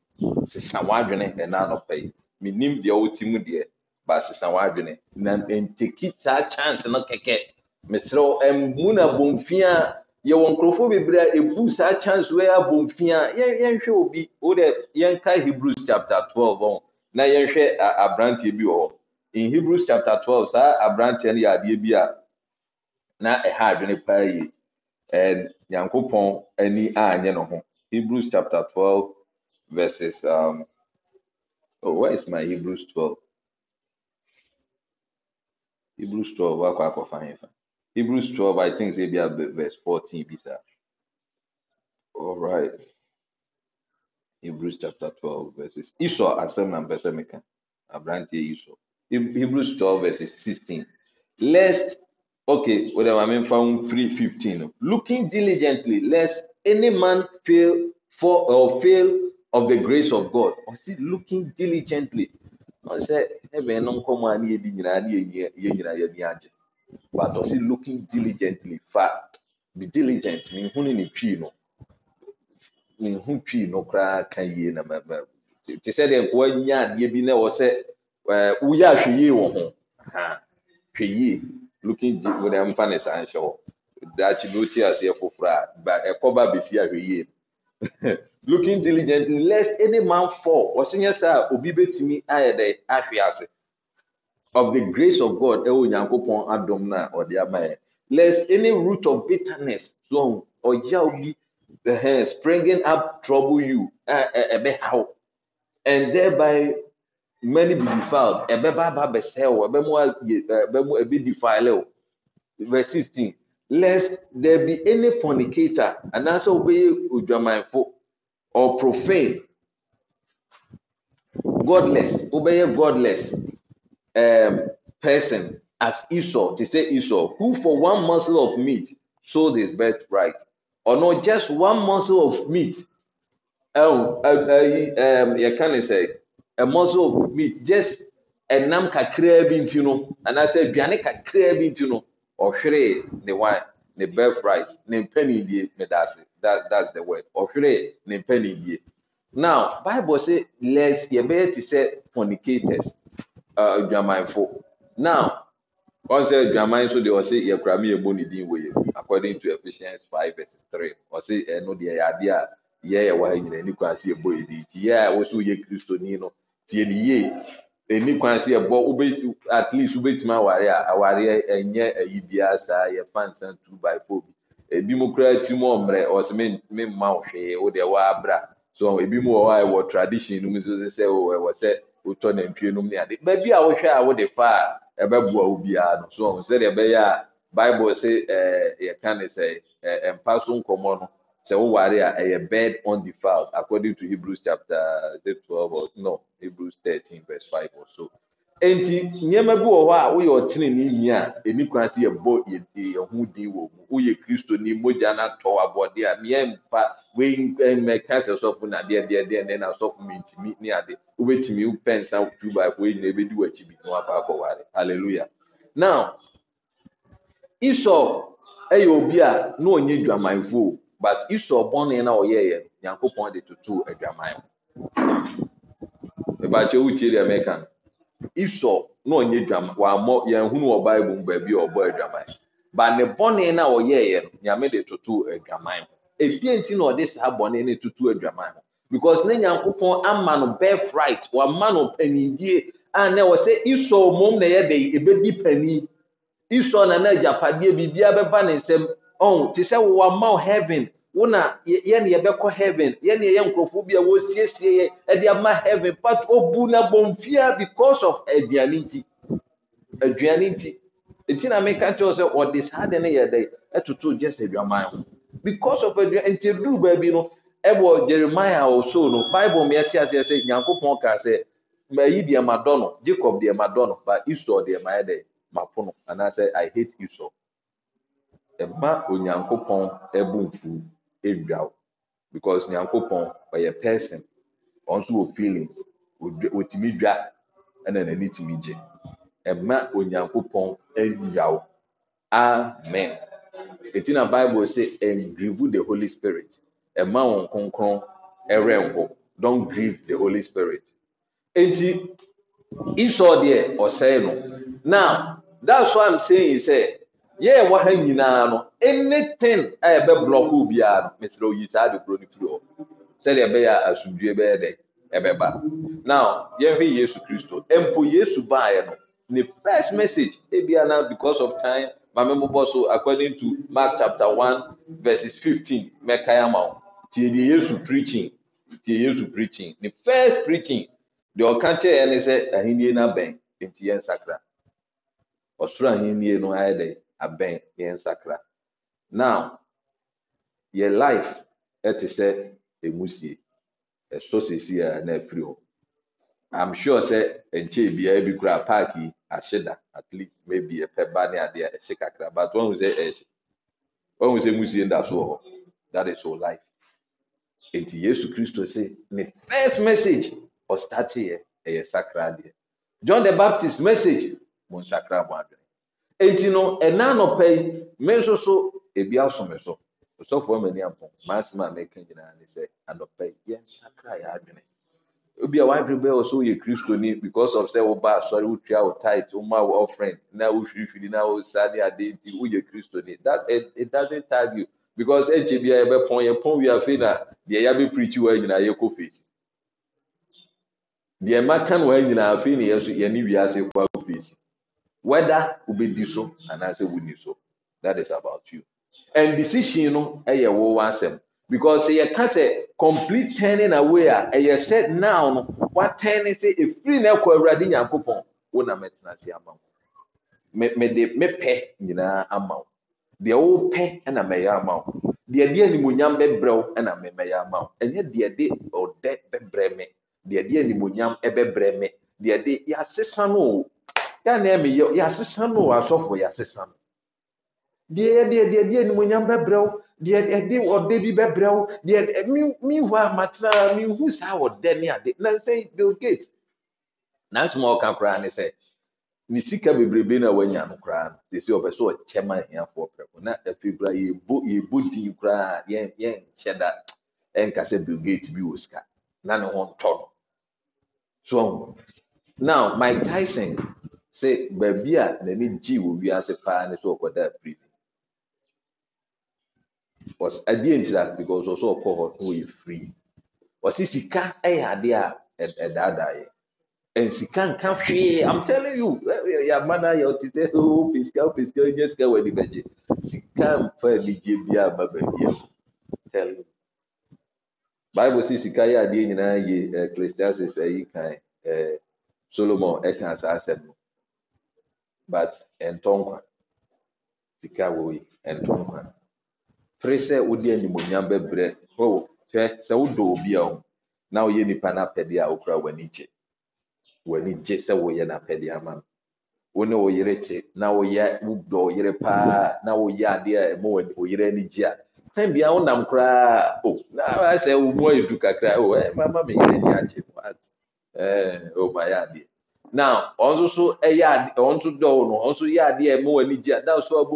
sesa w'adwene ɛna anɔpa yi menim deɛ wɔte mu deɛ ba sesa w'adwene na nteki saa chance no kɛkɛ mesrɛ ɛmu na bomfia yɛwɔ nkurɔfoɔ bebree a ebu saa chance wɔ yɛ abomfia yɛn yɛnhwɛ obi o deɛ yɛnka hebrews chapter twelve ɔn na yɛnhwɛ aberanteɛ bi wɔ hɔ. in hebrews chapter twelve sir, aberanteɛ no yɛ adeɛ bi a na ɛha adwene paa yie ɛn nyankopɔn ani anyɛ ne ho hebrews chapter twelve verses um oh where is my hebrews twelve hebrews twelve wakɔ akɔfa yɛn fa hebrews twelve i think say bi a verse fourteen bi sa all right hebrews chapter twelve verses esau asɛm na mpɛ sɛ meka aberanteɛ esau. Hebrews 12, verses 16. Lest, okay, whatever I mean, from 3 15. Looking diligently, lest any man fail for or fail of the grace of God. Or see, looking diligently. I said, heaven, no come on, ye dinner, ye dinner, ye dinner. But I see, looking diligently, fact. Be diligent, me hunting the tree, no. Me hunting no crack, can ye, no, te sɛ deɛ nkoa nya adeɛ bi na ɛwɔ sɛ woyɛ eh, a hwɛ yie wɔ ho hwɛ yie looking deep wɔde mfa ne saa nhyɛ hɔ daakye bi wote aseɛ foforɔ eh, a ba ɛkɔba besi ahwɛ yie looking diligently lest any man fall ɔsenyɛ saa obi betumi ayɛ dɛ ahwɛ ase of the grace of God ɛwɔ nyankopɔn adom na ɔde ama yɛ lest any root of bitterness zɔn ɔyaw bi eh, springing up trouble you ɛbɛhaw and thereby. many be defiled ɛbɛba aba abɛsɛe o ɛbɛmu ayɛ ɛbɛmu ɛbi defile verse sixteen lest there be any fornicator and anaasɛ ɔbɛyɛ odwamanfo or profane godless a godless um, person as Esau They say Esau who for one morsel of meat sold his birthright or not just one morsel of meat I, ɛyi ɛm yɛ can ne a muscle of meat just ɛnam kakraa bi nti no anaasɛ aduane kakraa bi nti no ɔhweree ne wine ne birthright ne mpanindie ne daase that that's the word ɔhweree ne mpanindie now bible say let's yɛbɛyɛ te sɛ fornicators uh, adwamanfo uh, now wọn sɛ adwaman nso deɛ ɔsɛ yɛkura mi yɛbɔ ne din wɔ yɛ according to Ephesians five verse three ɔsɛ ɛno deɛ yɛ adeɛ a yɛ yɛ wɔ ha nyinaa nikwa ase yɛbɔ yɛ din ti yɛ a wɔsɛ yɛ kristo no tie ne yie ɛni kwan si ɛbɔ wobɛ at least wobɛtumi aware a awareɛ ɛnyɛ ɛyi biara saa yɛfa nsa two by four bi ebi mu koraa ti mu ɔmmerɛ ɔsɛ me me mma wo hwee deɛ wɔabra so ebi mu wɔ hɔ a ɛwɔ tradition no mu nso sɛ ɛwɔ ɛwɔ sɛ wotɔ nantwie nom ne ade baabi a wohwɛ a wode fa a ɛbɛboa wo biara no so sɛdeɛ ɛbɛyɛ a bible sɛ ɛɛ yɛka ne sɛ ɛɛ mpa so nkɔmɔ no sɛ woware a ɛyɛ bird on the fowl according to hebrews chapter twelve or no. Hebrews 13 verse 5 or so. Enti nneɛma bi wɔ hɔ a woyɛ ɔtenenee yi a ɛni kwan sɛ yɛbɔ yɛho din wɔ mu. Woyɛ Kristo ni mogya no atɔ abɔde a nea mfa wei eh, mmɛka sɛ sɔfo na deɛ deɛ deɛ ne na sɔfo ne ade. Wobɛtumi pɛnsa bi na Hallelujah. Now ɛyɛ obi a na ɔnyɛ but bɔnne na yɛ de tutu baakye wotie deɛ meka isɔ na ɔnyɛ dwaman wammɔ yɛn ho wɔ baibu mu baabi a ɔbɔ na ɔyɛɛyɛ no nyame de toto adwaman nti na ọdịsa saa bɔne ne toto adwaman ho because ne nyankopɔn ama no birth right wama no panidie a na ɛwɔ iso isɔ omom na ɛyɛ de ebedi panin iso na na agyapadeɛ biribiara bɛba ne nsam ɔn oh, te sɛ wama heaven. wo na yɛne yɛbɛkɔ heaven yɛne yɛyɛ nkurɔfoɔ bi a wɔsiesie yɛ ɛde e ama heaven but obu na bɔnfia because of aduane nti aduane nti eti na meka kyerɛw sɛ ɔde saa de no e yɛ dɛ ɛtoto gyes aduaman ho because of aduane nti duru baabi no ɛwɔ e jeremiah ɔso no bible mi ɛte aseɛ sɛ nyankopɔn kaa sɛ mayi deɛ ma dɔ no jacob deɛ ma dɔ no ba esau deɛ ma yɛ dɛ ma pono anaasɛ i hate esau ɛma onyankopɔn ɛbu mfuo. ɛndwa wo because nyankopɔn ɔyɛ person ɔn so wɔ feelings ɔtumi dwa ɛna n'ani tumi gye ɛma onyankopɔn ɛndwa wo amen eti na bible say ɛngrivu the holy spirit ɛma wɔn kronkron ɛrɛn hɔ don grieve the holy spirit eti esau deɛ ɔsɛɛ no now that's why i'm saying say yɛɛ wɔ ha nyinaa no anything a yɛbɛ blɔk obiara no mesrɛ oyi saa de kuro no firi hɔ sɛdeɛ ɛbɛyɛ asomdue bɛyɛ dɛ ɛbɛba now yɛnhwɛ yesu kristo mpo yesu baeɛ no ne first message ebia na because of time maame mbobɔ so according to mark chapter one verses fifteen mɛkae ama wo tie di yesu preaching tie yesu preaching ne first preaching deɛ ɔka kyerɛ yɛn ne sɛ ahennie no abɛn nti yɛn sakra ɔsoro ahennie no ayɛ dɛ abɛn yɛn nsakra now yɛ life ɛte sɛ emu sie ɛso sisi a na ɛfiri hɔ i'm sure sɛ nkyɛn biara bi kura park yi ahye da at least maybe ɛpɛ ba ne adeɛ a ɛhyɛ kakra but wɔn sɛ ɛhyɛ wɔn sɛ emu sie da so wɔ hɔ that is all life nti yesu kristo sɛ ne first message ɔstarte yɛ ɛyɛ sakra adeɛ john the baptist message mo nsakra mo adwene eti no ɛna anɔpɛ yi me nso so ebi asome so osɔfoɔ mani apo maasem a meka nyinaa ne sɛ anɔpɛ yi yɛn sakra yɛ adwene obi a wadwene bɛyɛ wɔ so yɛ kristoni because of sɛ woba asɔre wotua wo tight woma wo offering na wohwirihwiri na wosa ne ade nti woyɛ kristoni that it, it doesn't tag you because ɛnkyɛ bia yɛbɛpɔn yɛpɔn wi afei na deɛ yɛabɛ preach wɔ nyinaa yɛkɔ face deɛ maka no wɔ nyinaa afei na yɛ so yɛne wiase kɔ face whether we be wobɛdi so anaasɛ wonni so that is about you and decision no yɛ wo asɛm because yɛka sɛ complete turning away a ɛyɛ sɛ now no watɛne sɛ efiri na ɛkɔ awurade nyankopɔn wo na mɛtena ase ama wo me me de me pɛ nyinaa ama wo deɛ wopɛ ɛna mɛyɛ ama wo deɛ de animonyam bɛbrɛ wo ɛna mɛmɛyɛ ama wo ɛnyɛ deɛ de ɔdɛ bɛbrɛ me deɛ de animonyam ɛbɛbrɛ me deɛ de yɛasesa no o dan na ɛmɛ yɛ yɛasesa no wɔ hmm. asɔfo yɛasesa no deɛ yɛ deɛ deɛ deɛ nimonyam bɛbrɛw deɛ ɛde ɔde bi o deɛ mi mi hu amatena mi hu saa ɔdɛ ne ade na nsɛn bill gate nansi ma ɔka koraa ne sɛ ne sika bebrebe na wanya no koraa no sɛ sɛ ɔbɛ so ɔkyɛ ma ahiafoɔ prɛko na afei koraa yɛbɔ yɛbɔ din koraa yɛn yɛn nhyɛ da ɛnka sɛ bill gate bi wɔ sika na ne ho ntɔ no so now mike tyson sɛ baabi a n'ani gyee wɔ wiase paa ne sɛ ɔkɔdaa prison ɔs adeɛ nkyira because ɔsɛ ɔkɔ hɔ na ɔyɛ free ɔsi sika yɛ adeɛ a ɛdaadaa yɛ nsika nka hwee i'm telling you yaba na yɛ ɔte sɛ o oh, pesika o pesika o nye sika wɔ ani bɛgye sika nfa anigye bi a ba baabi a tell you bible si sika yɛ adeɛ nyinaa yɛ ɛ christian sɛ ɛyi kan ɛ solomon ɛka saa asɛm no but ntɔnkwa sika wɔ yi ntɔnkwa firi sɛ wodi animonyam bɛbrɛ hɔ hwɛ sɛ wodɔ obi a na woyɛ nipa n'apɛdeɛ a okura w'ani gye w'ani gye sɛ woyɛ n'apɛdeɛ ama no wo ne oyere te na woyɛ wodɔ oyere paa na woyɛ adeɛ a ɛmo oyere ani gye a time bia wonam koraa o oh, na sɛ wo mu ayɛ du kakra o oh, ɛ eh, mama me yere ni agye what ɛɛ eh, o oh, ma yɛ adeɛ. ade dɔw no yɛ a a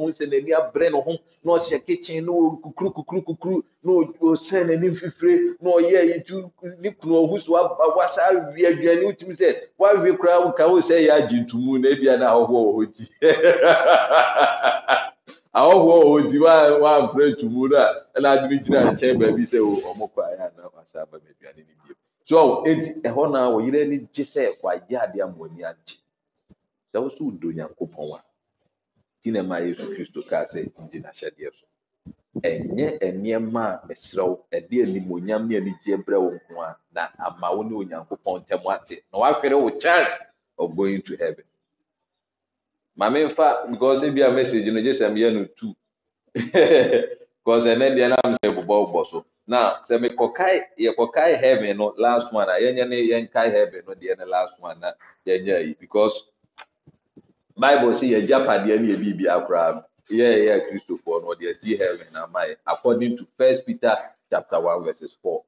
sɛ n'ani na ɔhyɛ kitchen na ɔkukuru kukuru kukuru na ɔsɛn n'ani mfifire na ɔyɛ eyi tu ne kunu ɔhu so wasa awie aduane wotum sɛ wawie ka sɛ yɛ agye na ebia na ahɔhoɔ wɔ hɔ ti ahɔhoɔ wɔ hɔ ti wa na ɛna adi gyina nkyɛn baabi sɛ ɔmo kɔ ana wasa so eji ɛhɔ na wɔyere yiri gye sɛ wayɛ adị ama w'ani a ti na ɛma yesu kristo ndị sɛ ngye a eni na ama wo ne onyankopɔn na wahwere wo chance of going to heaven maame nfa because ebi a message na gye sɛ meyɛ no two ndị na so. na sɛ mekɔkae yɛkɔkae heaven no last one a yɛnyɛ ne yɛnkae heaven no deɛ ne last one na yɛnyɛ yi because bible sɛ yɛgya padeɛ no yɛ biribia koraa no yɛyɛ kristofoɔ no ɔde asi heaven na ama yɛ according to first peter chapter one verses four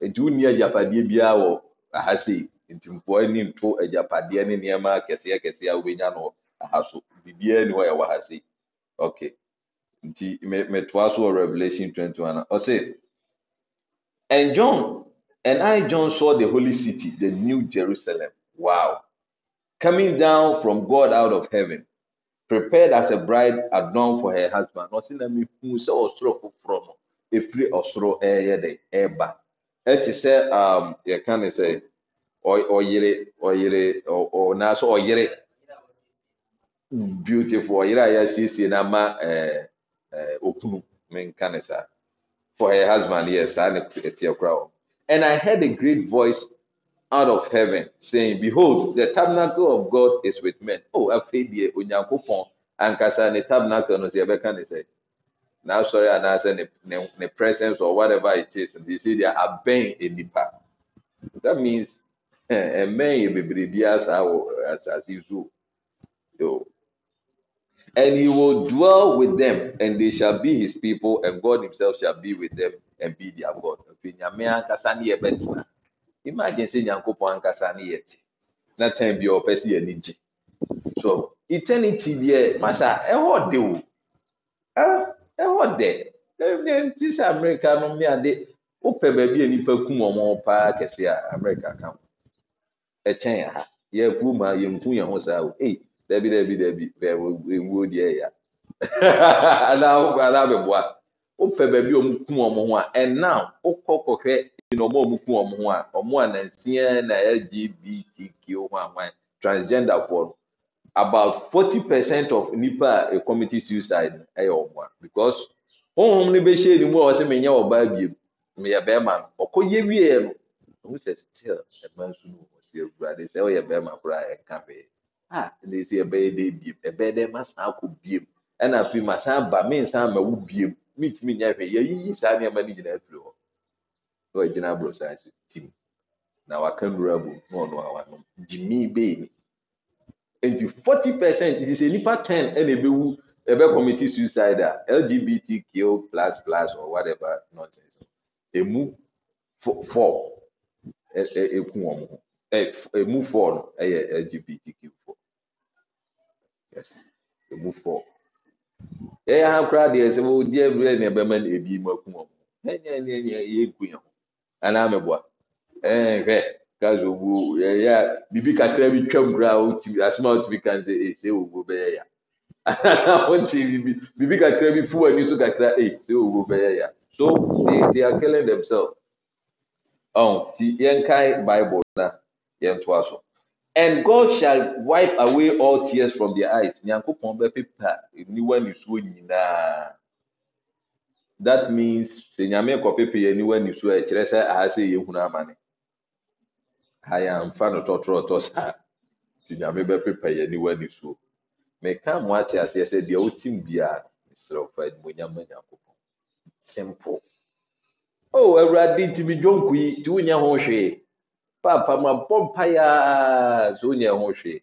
nti wonni agyapadeɛ biara wɔ aha sei ntimfoɔ ani nto agyapadeɛ ne nneɛma kɛseɛ kɛseɛ a wobɛnya no aha so biribiara ni hɔ yɛwɔ ha sei okay nti metoa so wɔ revelation twenty one ɔse. And John, and I, John, saw the holy city, the new Jerusalem. Wow. Coming down from God out of heaven, prepared as a bride adorned for her husband. Eh, um, can say, or yere or yere or or yere. Beautiful. nama eh eh okunu. Men can say for her husband. Yes, and I heard a great voice out of heaven saying, Behold, the tabernacle of God is with men. Oh, afidie and ankasa ne tabernacle no se beka they say. Now sorry and I saying the presence or whatever it is. And you see they are being a deeper. That means a man be as as as you. Yo, And he will dwell with them, and they shall be his people, and God himself shall be with them and be their God. Imagine saying Nyankopɔn ankasa ne yɛ te. Na time bi a ɔpɛ si yɛn gye. So eternity deɛ masa ɛhɔ de o. Ɛhɔ de. Ɛnɛ ti sɛ Amerika no mi ade. Wopɛ baabi a nipa kum wɔn paa kɛse a Amerika ka ho. Ɛkyɛn ha. Yɛ fu ma yɛn ku yɛn ho saa o. Ee dabi dabi dabi bẹẹbi ewuo deɛ ya anaa anaa bɛ boa wofɛ baabi a wɔn kum wɔn ho a ɛna wokɔ kɔhwɛ nnɔmɔ a wɔn kum wɔn ho a wɔn a nansia na lgbtq ho ahoan transgender foɔ no about forty percent of nipa a committee suicide no ɛyɛ wɔn a because honhom no bɛ hyɛ ne mu a wɔsɛ mɛ nyɛ ɔbaa biem mɛ yɛ bɛrima no ɔkɔ yɛ wie no ohun sɛ still ɛma nso no wɔ si ewura de sɛ ɔyɛ bɛrima koraa ɛnka bɛyɛ. a na esi ɛbɛyɛ dɛ biem ɛbɛyɛ dɛ ma san akɔ biem ɛna afei ma san ba mi nsan ma wo biem mi tumi nya hwɛ yɛyiyi saa nneɛma no nyinaa firi hɔ na ɔgyina aburo saa nso tim na waka nwura bom na ɔno awa no gyimi bee ni nti forty percent nti sɛ nipa ten ɛna ebewu ɛbɛ committee suicide a lgbtq plus plus or whatever nonsense emu four ɛɛ ɛku wɔn ho ɛɛ emu four no ɛyɛ lgbtq yes ɛmu fɔ yɛyɛ ha koraa deɛ sɛ wɔgye abirɛ ne ɛbɛma no ebi mu akum ɔmo ɛnyɛ ne ɛnyɛ yɛ nku yɛn ho anaa mɛboa ɛn hwɛ kaso owu yɛyɛ a biribi kakra bi twam koraa otumi asoma otumi kan sɛ ee sɛ owu bɛyɛ ya wɔnti Bibi, biribi kakra bi fu ani so kakra ee eh, sɛ owu bɛyɛ ya so they they are killing themselves ɔn ti yɛn kae bible na yɛn to aso. And God shall wipe away all tears from their eyes. Nyankopɔn bɛpepa aniwa nisuo nyinaa. That means sɛ nyame kɔpepa aniwa nisuo a ɛkyerɛ sɛ aha sɛ yɛhunu amane. Ha yɛ amfa no tɔtrɔtɔ saa. Nti nyame bɛpepa aniwa nisuo. Mɛka mo ate aseɛ sɛ deɛ wotim biara mesrɛ fa animonyam ma Nyankopɔn. Simple. Oh, Awurade ntimi dwonku yi, nti wonya ho hwee. Papa, my bumpire, Zunia Hoshi.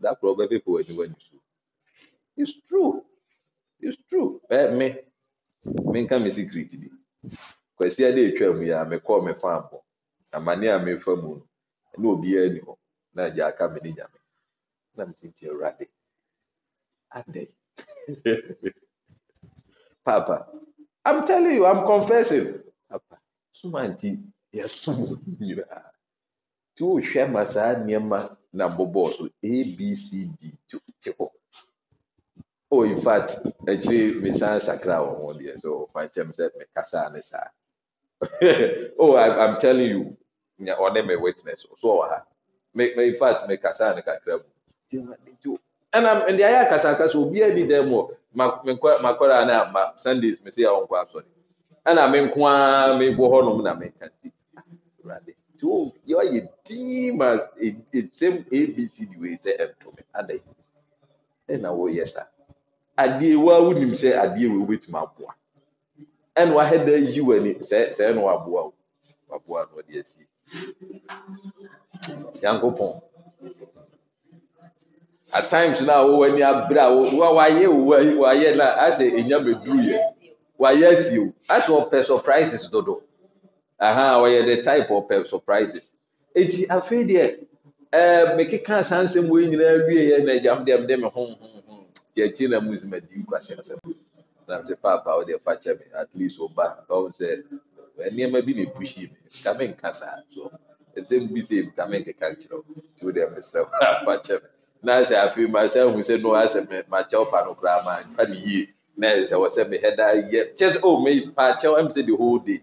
That problem people when you sue. It's true. It's true. Eh, me. Me nka me secret bi. Kwasi ade etwa mu ya me call me farm bo. Amane a me fa mu no. Na obi ani ho. Na ja aka me ni me Na me sinti Awurade. Ade. Papa, I'm telling you, I'm confessing. Papa, sumanti, yes, sumanti. nti wohwɛ ma saa nneema na bobɔɔ so abcd nti wote hɔ oh in ekyiri akyire mesan sakra wɔ ho deɛ so fankyɛm sɛ mekasaa ne saa oh I, m telling you nya ɔne me witness so ɔwɔ ha me me in fact mekasaa ne kakra mu ɛna ndeɛ ayɛ akasa obiara bi dan mu ma makɔra na ma sundays me se a wɔnkɔ asɔre ɛna me nko ara me bɔ hɔnom na meka nti awurade nti o yɛ ɔyɛ diimas etsem abcd wei sɛ ɛntome ada yi ɛna wɔyɛ sa adeɛ wa wonim sɛ adeɛ wo wobɛtumi aboa ɛna wahɛ da yi w'ani sɛ sɛ ɛna waboa o waboa no ɔde asi yankopɔn at times na awo w'ani abere a wa wayɛ wayɛ na asɛ enya bɛduru yɛ wayɛ asi o asɛ ɔpɛ surprises dodo. aha wɔyɛ the type of uh, surprises eti afei deɛ ɛɛ eh, mekeka saa nsɛm wɔn nyinaa wie yɛ na gyam deɛ de me ho ho ho deɛ akyi na mu zima di nkwa hyɛ nsɛm na te paapa o deɛ fa kyɛ me at least o ba ɔn sɛ eh, nneɛma bi na ebu hyia mi kame nka saa so nsɛm bi sɛ kame nkeka nkyerɛ o ti o deɛ mesrɛ o fa kyɛ me na sɛ afei ma sɛ ehu sɛ no asɛ me ma kyɛ ɔpa no koraa ma nfa ne yie na sɛ wɔsɛ me hɛ daa yɛ kyɛ sɛ o oh, me pa kyɛ ɛm sɛ the whole day.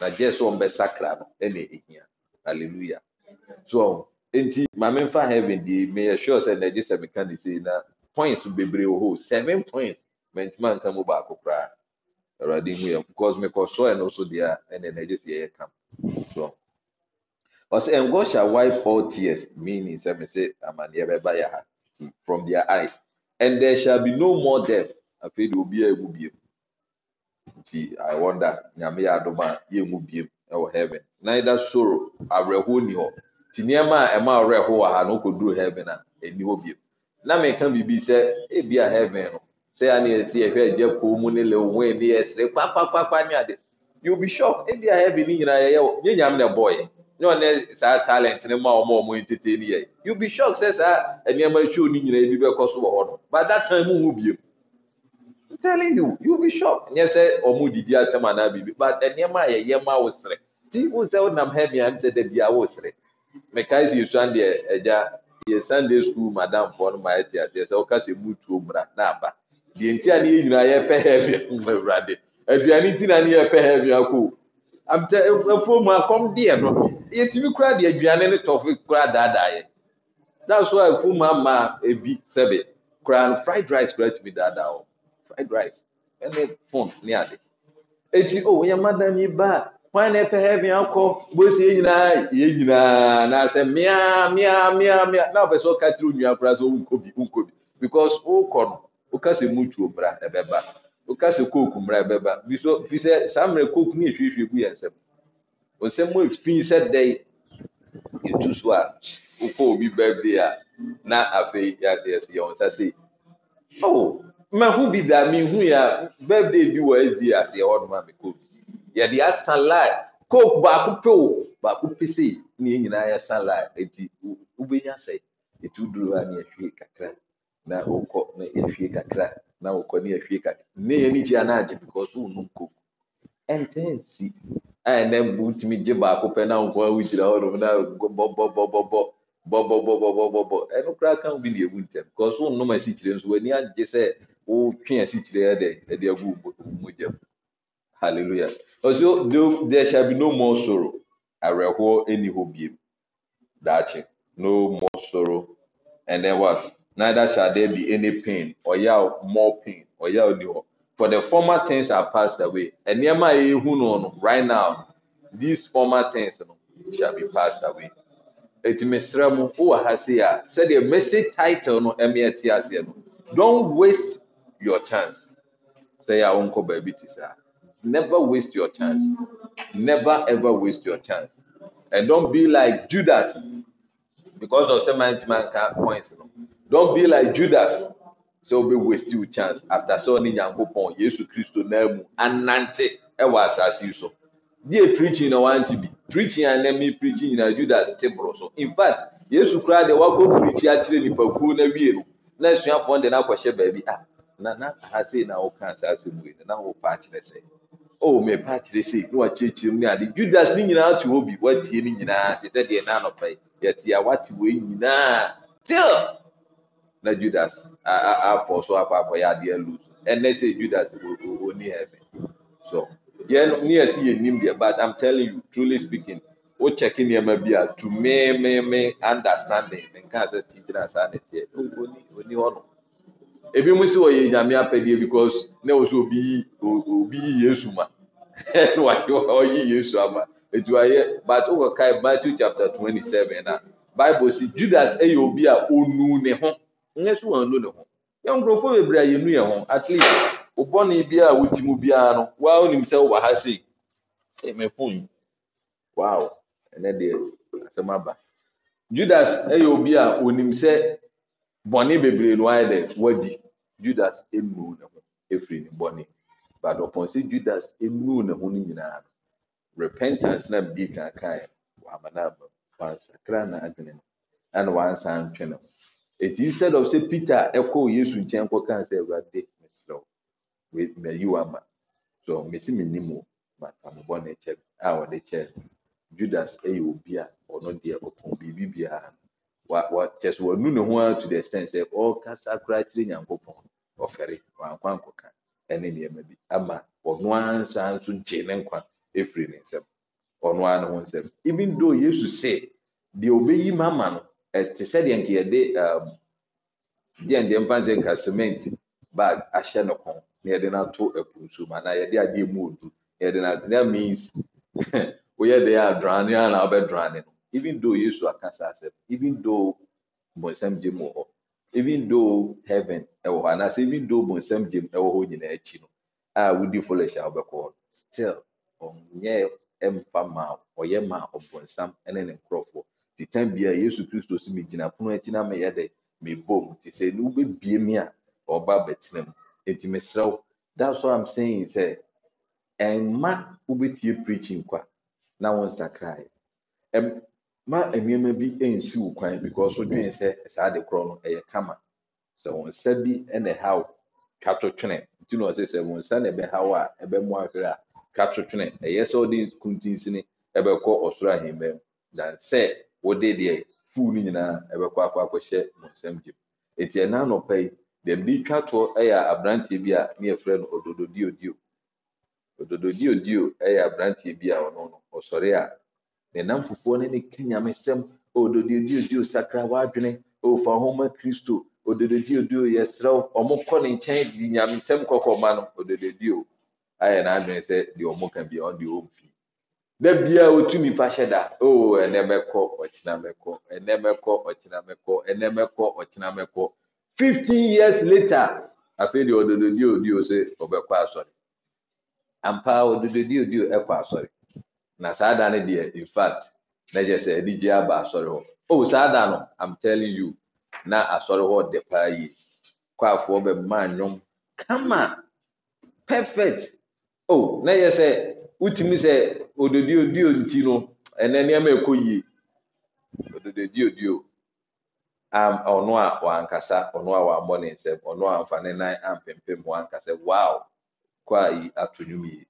na gye sɛ ɔmbɛsa kra no ɛna ehia hallelujah so nti maame nfa heaven die meyɛ sure sɛ n'agye sɛ meka ne sei na points bebree wɔ hɔ seven points mɛntuma nka mu baako koraa awurade hu yɛ because mekɔ so ɛno so deɛ ɛna n'agye sɛ yɛyɛ kam so ɔsɛ and God shall wipe all tears meaning sɛ me sɛ amaneɛ bɛba yɛ ha from their eyes and there shall be no more death afei de obi a ewu biem. nti i wonder nyame yɛ adom a biem heaven neither sorrow ni hɔ nti nneɛma a ɛma awerɛho wɔ ha na wokɔduru heaven a hɔ biem na meka biribi sɛ ebi a heaven no sɛ a ne yɛsi yɛhwɛ agya mu ne kpakpakpakpa ne ade you be shocked ebi a heaven ne nyinaa yɛyɛ wɔ nye nyame na ɛbɔ yɛ ɔne saa talent ne ma ɔmo ɔmo ne you be shocked sɛ saa nneɛma nyinaa ebi bɛkɔ so wɔ hɔ no but that telling you you be shocked nyɛ sɛ ɔmo didi atɛm anaa biribi but eh, nneɛma a yɛyɛ ma wo srɛ ti wo sɛ wonam ha mia nkyɛ dɛ bia wo srɛ mekae si esuan deɛ ɛgya eh, yɛ sunday school madam foɔ no ma ɛte aseɛ sɛ ɔka sɛ mu tuo mura na aba deɛ nti a ne yɛ nyinaa yɛpɛ ha bia mo awurade aduane ti na ne yɛpɛ ha bia ko abita efuo eh, mu akɔm kura deɛ aduane ne tɔfo kura daadaa yɛ that's why efuo mu ama ebi sɛbi kura fried rice kura tumi daadaa wɔ drive ne phone ne ade eti o yɛ madam yi ba kwan na ɛpɛ heaven akɔ bosie nyinaa yɛ nyinaa na asɛ mia mia mia mia na ɔpɛ sɛ ɔka tiri onua koraa sɛ ɔnkɔ bi ɔnkɔ because ɔkɔ oh, no ɔka sɛ mutuo bra ɛbɛba e ɔka sɛ kooku bra ɛbɛba e biso fisɛ saa mmerɛ kooku ne ehwiehwie gu yɛn nsam nsɛm mu efi sɛ dɛɛ etu so a ɔkɔ obi bɛɛ bi a na afei yɛ yɛ yɛ wɔn nsa se oh. mahu bi da mehu ya birthday bi wɔ sd aseɛ ọhụrụ a mekɔ bi yɛde coke baako pɛ baako pɛ na ne yɛn nyinaa yɛsa line etu wobɛnya sɛ duro a kakra na wokɔ na kakra na wokɔ na kakra ne ni gye anaagye because coke a ntumi gye baako pɛ na nko a na bɔbɔbɔbɔbɔ bɔbɔbɔbɔbɔbɔ ɛno bi na ntɛm because nso agye wotwe asikyire ɛde ɛde agu mogya mu hallelujah ɔsɛ though there shall be no more sorrow awerɛhoɔ ɛni hɔ biem daakye no more sorrow and then what neither shall there be any pain ɔyaw more pain ɔyaw ni hɔ for the former things are passed away ɛnneɛma a yɛhu no no right now these former things no shall be passed away etimesrɛ mu wowɔ ha se a sɛdeɛ message title don't waste your chance. Say I won't baby tisa. Never waste your chance. Never ever waste your chance. And don't be like Judas because of seven man points. Don't be like Judas. So be waste your chance after so ni nyankopon Yesu Kristo na mu nante e wa asase so. preaching na want to be. Preaching and let me preaching na Judas table so. In fact, Jesus Christ they wa go preach ya kire nipa ku na wie no. Na esuafo de na kwahye baby ah na na ahasei na woka saa asɛm wei no na wopa akyerɛ sɛ o mepa akyerɛ sei na wakyerɛkyerɛ mu ne ade judas ne nyinaa te hɔ bi watie ne nyinaa te sɛ deɛ naanɔpa yɛte a wate wei nyinaa till na judas a so akɔ akɔyɛ adeɛ lose ɛnɛ sɛ judas ɔni heaven so yɛn ne yɛsi yɛ nim deɛ but i'm telling you truly speaking o check nneɛma bi a to me me me understanding nka sɛ kyikyiri asa ne o ni oni hɔ no. ebi mu si wɔyɛ nyame apɛdeɛ because ne wɔ sɛ obi yi obi yi yesu ma wɔyɛ ɔyi yesu ama etu ayɛ but wɔkɔ kae matthew chapter twenty seven na bible si judas ɛyɛ obi a onu ne ho nyɛ so wɔn nu ne ho yɛn nkurɔfoɔ bebree a yɛn nu yɛn ho at least ɔbɔnne bi a wɔte mu biara no wɔn a wɔnim sɛ wɔwɔ ha sei ɛyɛ mɛ phone wow ɛnɛ deɛ asɛm aba judas ɛyɛ obi a onim sɛ bɔne bebree no ayɛ dɛ wadi judas emu na ho efiri ne bɔne but ɔpɔn judas emu na ho no nyinaa no repentance na bi kan kan wama na ama wansakra na adwene no ɛna wansan ntwe ho eti instead of sɛ peter ɛkɔ yesu nkyɛn kɔ kan sɛ ɛwurade mesrɛw mɛyi wa ma so mesi mi nim o ma ka mo bɔ kyɛ a ɔde kyɛ judas ɛyɛ obi a ɔno deɛ ɔpɔn biribi biara no. kyɛ sɛ wanu ne ho ara to the extent sɛ ɔrekasa koraa kyerɛ nyankopɔn ɔfɛre wankwa nkɔka ne nneɛma bi ama ɔno ara nsa nso gye ne nkwa efiri ne nsam ɔno ara ne ho nsam even though yesu se deɛ ɔbɛyi mu ama no ɛte sɛdeɛ nka yɛde um, deɛ ndeɛ mfa nkyɛn nka cement bag ahyɛ ne kɔn na yɛde no ato ɛpo nsu mu anaa yɛde adeɛ mu odu na yɛde no that means woyɛ deɛ adrane a na ɔbɛdrane no even though Yesu akasa asɛm even though bɔnsɛm gye mu even though heaven ɛwɔ hɔ anaasɛ even though bɔnsɛm gye mu ɛwɔ hɔ nyinaa akyi no a wodi foolish a wobɛkɔ hɔ still ɔnyɛ ɛmfa ma ɔyɛ or ɔbɔnsam ɛne ne nkurɔfoɔ ti tan bi a Yesu Kristo si mi gyina pono akyi na meyɛ me. mebom ti sɛ ne wobɛbie mi a ɔba abɛtena mu nti mesrɛw that's what I'm saying And sɛ ɛnma be preaching kwa na wɔn nsakraeɛ ɛm ma nneɛma bi nsi wo kwan because wodwen sɛ saa de korɔ no ɛyɛ kama sɛ wɔn nsa bi na ɛha wo twa to twene nti na ɔsɛ sɛ wɔn nsa na ɛbɛha wo a ɛbɛmo ahwere a twa to twene ɛyɛ sɛ wɔde kuntinsini ɛbɛkɔ ɔsoro ahemba mu dan sɛ wɔde deɛ fuu no nyinaa ɛbɛkɔ akɔ akɔhyɛ wɔn nsam gyem eti ɛna anɔpa yi deɛ bi twa toɔ ɛyɛ aberanteɛ bi a ne yɛfrɛ no ododo diodio ododo diodio ɛyɛ aberanteɛ bi a ɔno no ɔsɔre a ne nam fufuo ne ne ka nyame sɛm ododiodio sakra wadwene ofa homa kristo odododiodio yɛserɛw ɔmo kɔ ne nkyɛn di nyame sɛm kɔkɔ ma no odododio ayɛ n'adwene sɛ deɛ ɔmo ka bia ɔde ɔmfi da biara otumi fa hyɛ da oo ɛnɛ mɛkɔ ɔkyena mɛkɔ ɛnɛ mɛkɔ ɔkyena mɛkɔ ɛnɛ mɛkɔ ɔkyena mɛkɔ fifteen years later afei deɛ ɔdododio dio sɛ ɔbɛkɔ asɔre ampa ɔdododio dio ɛkɔ asɔre. na saa da no deɛ infact na gye sɛ ɛde gye aba asɔre hɔ o oh, saa da no i'm telling you na asɔre hɔ de paa yie kwafoɔ bɛ maa nnwom kama perfect oh na yɛ sɛ wotumi sɛ ododi odio nti no ɛnɛ nneɛma ɛkɔ yie ododi odio am ɔno a wankasa ɔno a wambɔ ne nsam ɔno a nfa ne nan ampempem wankasa wow kwa yi ato nnwom yie.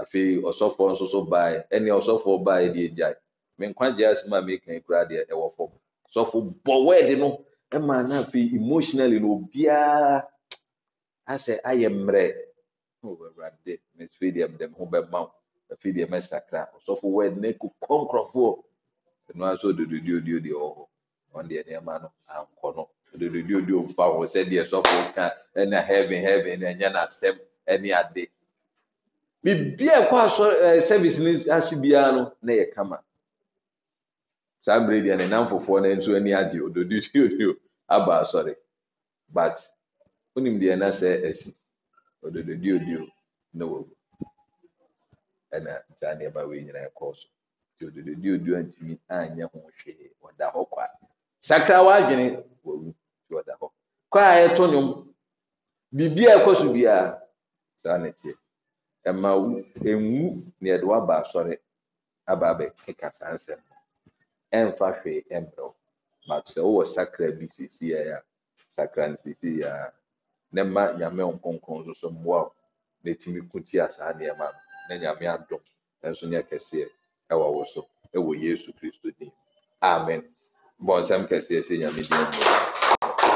afei ɔsɔfoɔ nso so baeɛ ɛne ɔsɔfoɔ baeɛ deɛ gyae menkwagye ase ma mekan kura deɛ ɛwɔ fam sɔfo bɔ wɛɛde no ɛma no afei emotionally no obiara asɛ ayɛ mmerɛ awurade mesfei deɛ mede me ho bɛma wo afei deɛ mɛsakra ɔsɔfo wɛɛd no kɔkɔ nkurɔfoɔ ɛno ara nso dododiodio deɛ ɔwɔ hɔ ɔn deɛ nneɛma no ankɔ no dododiodio mfa ho sɛdeɛ sɔfo ka ɛna heaven heaven ɛnyɛ n'asɛm ɛne ade biribi a ɛkɔ asɔre eh, ɛɛ service ase biara no na yɛ kama saa mmerɛ deɛ ne nan fofoɔ no nso ani agye ododododo aba asɔre but onim deɛ na sɛ ɛsi ododododo na wɔ mu ɛna saa nneɛma wei nyinaa ɛkɔ so nti ododododo ntumi anyɛ ho hwee ɔda hɔ kwa sakra wadwene wɔ mu nti ɔda hɔ kwa a ɛtɔ nnwom biribi a ɛkɔ so biara saa na ɛteɛ. ɛma enwu na yɛde waba asɔre aba abɛkeka saa nsɛm ɛnfa hwee ɛmbrɛ wo but sɛ wowɔ sakra bi sisi yɛ a sakra no sisi yɛ a na ma nyame nkonkron nso so mmoa wo na etumi ko tia saa nneɛma no na nyame adom nso nyɛ kɛseɛ ɛwɔ wo so ɛwɔ yesu kristo din amen bɔnsɛm kɛseɛ hyɛ nyame din mu.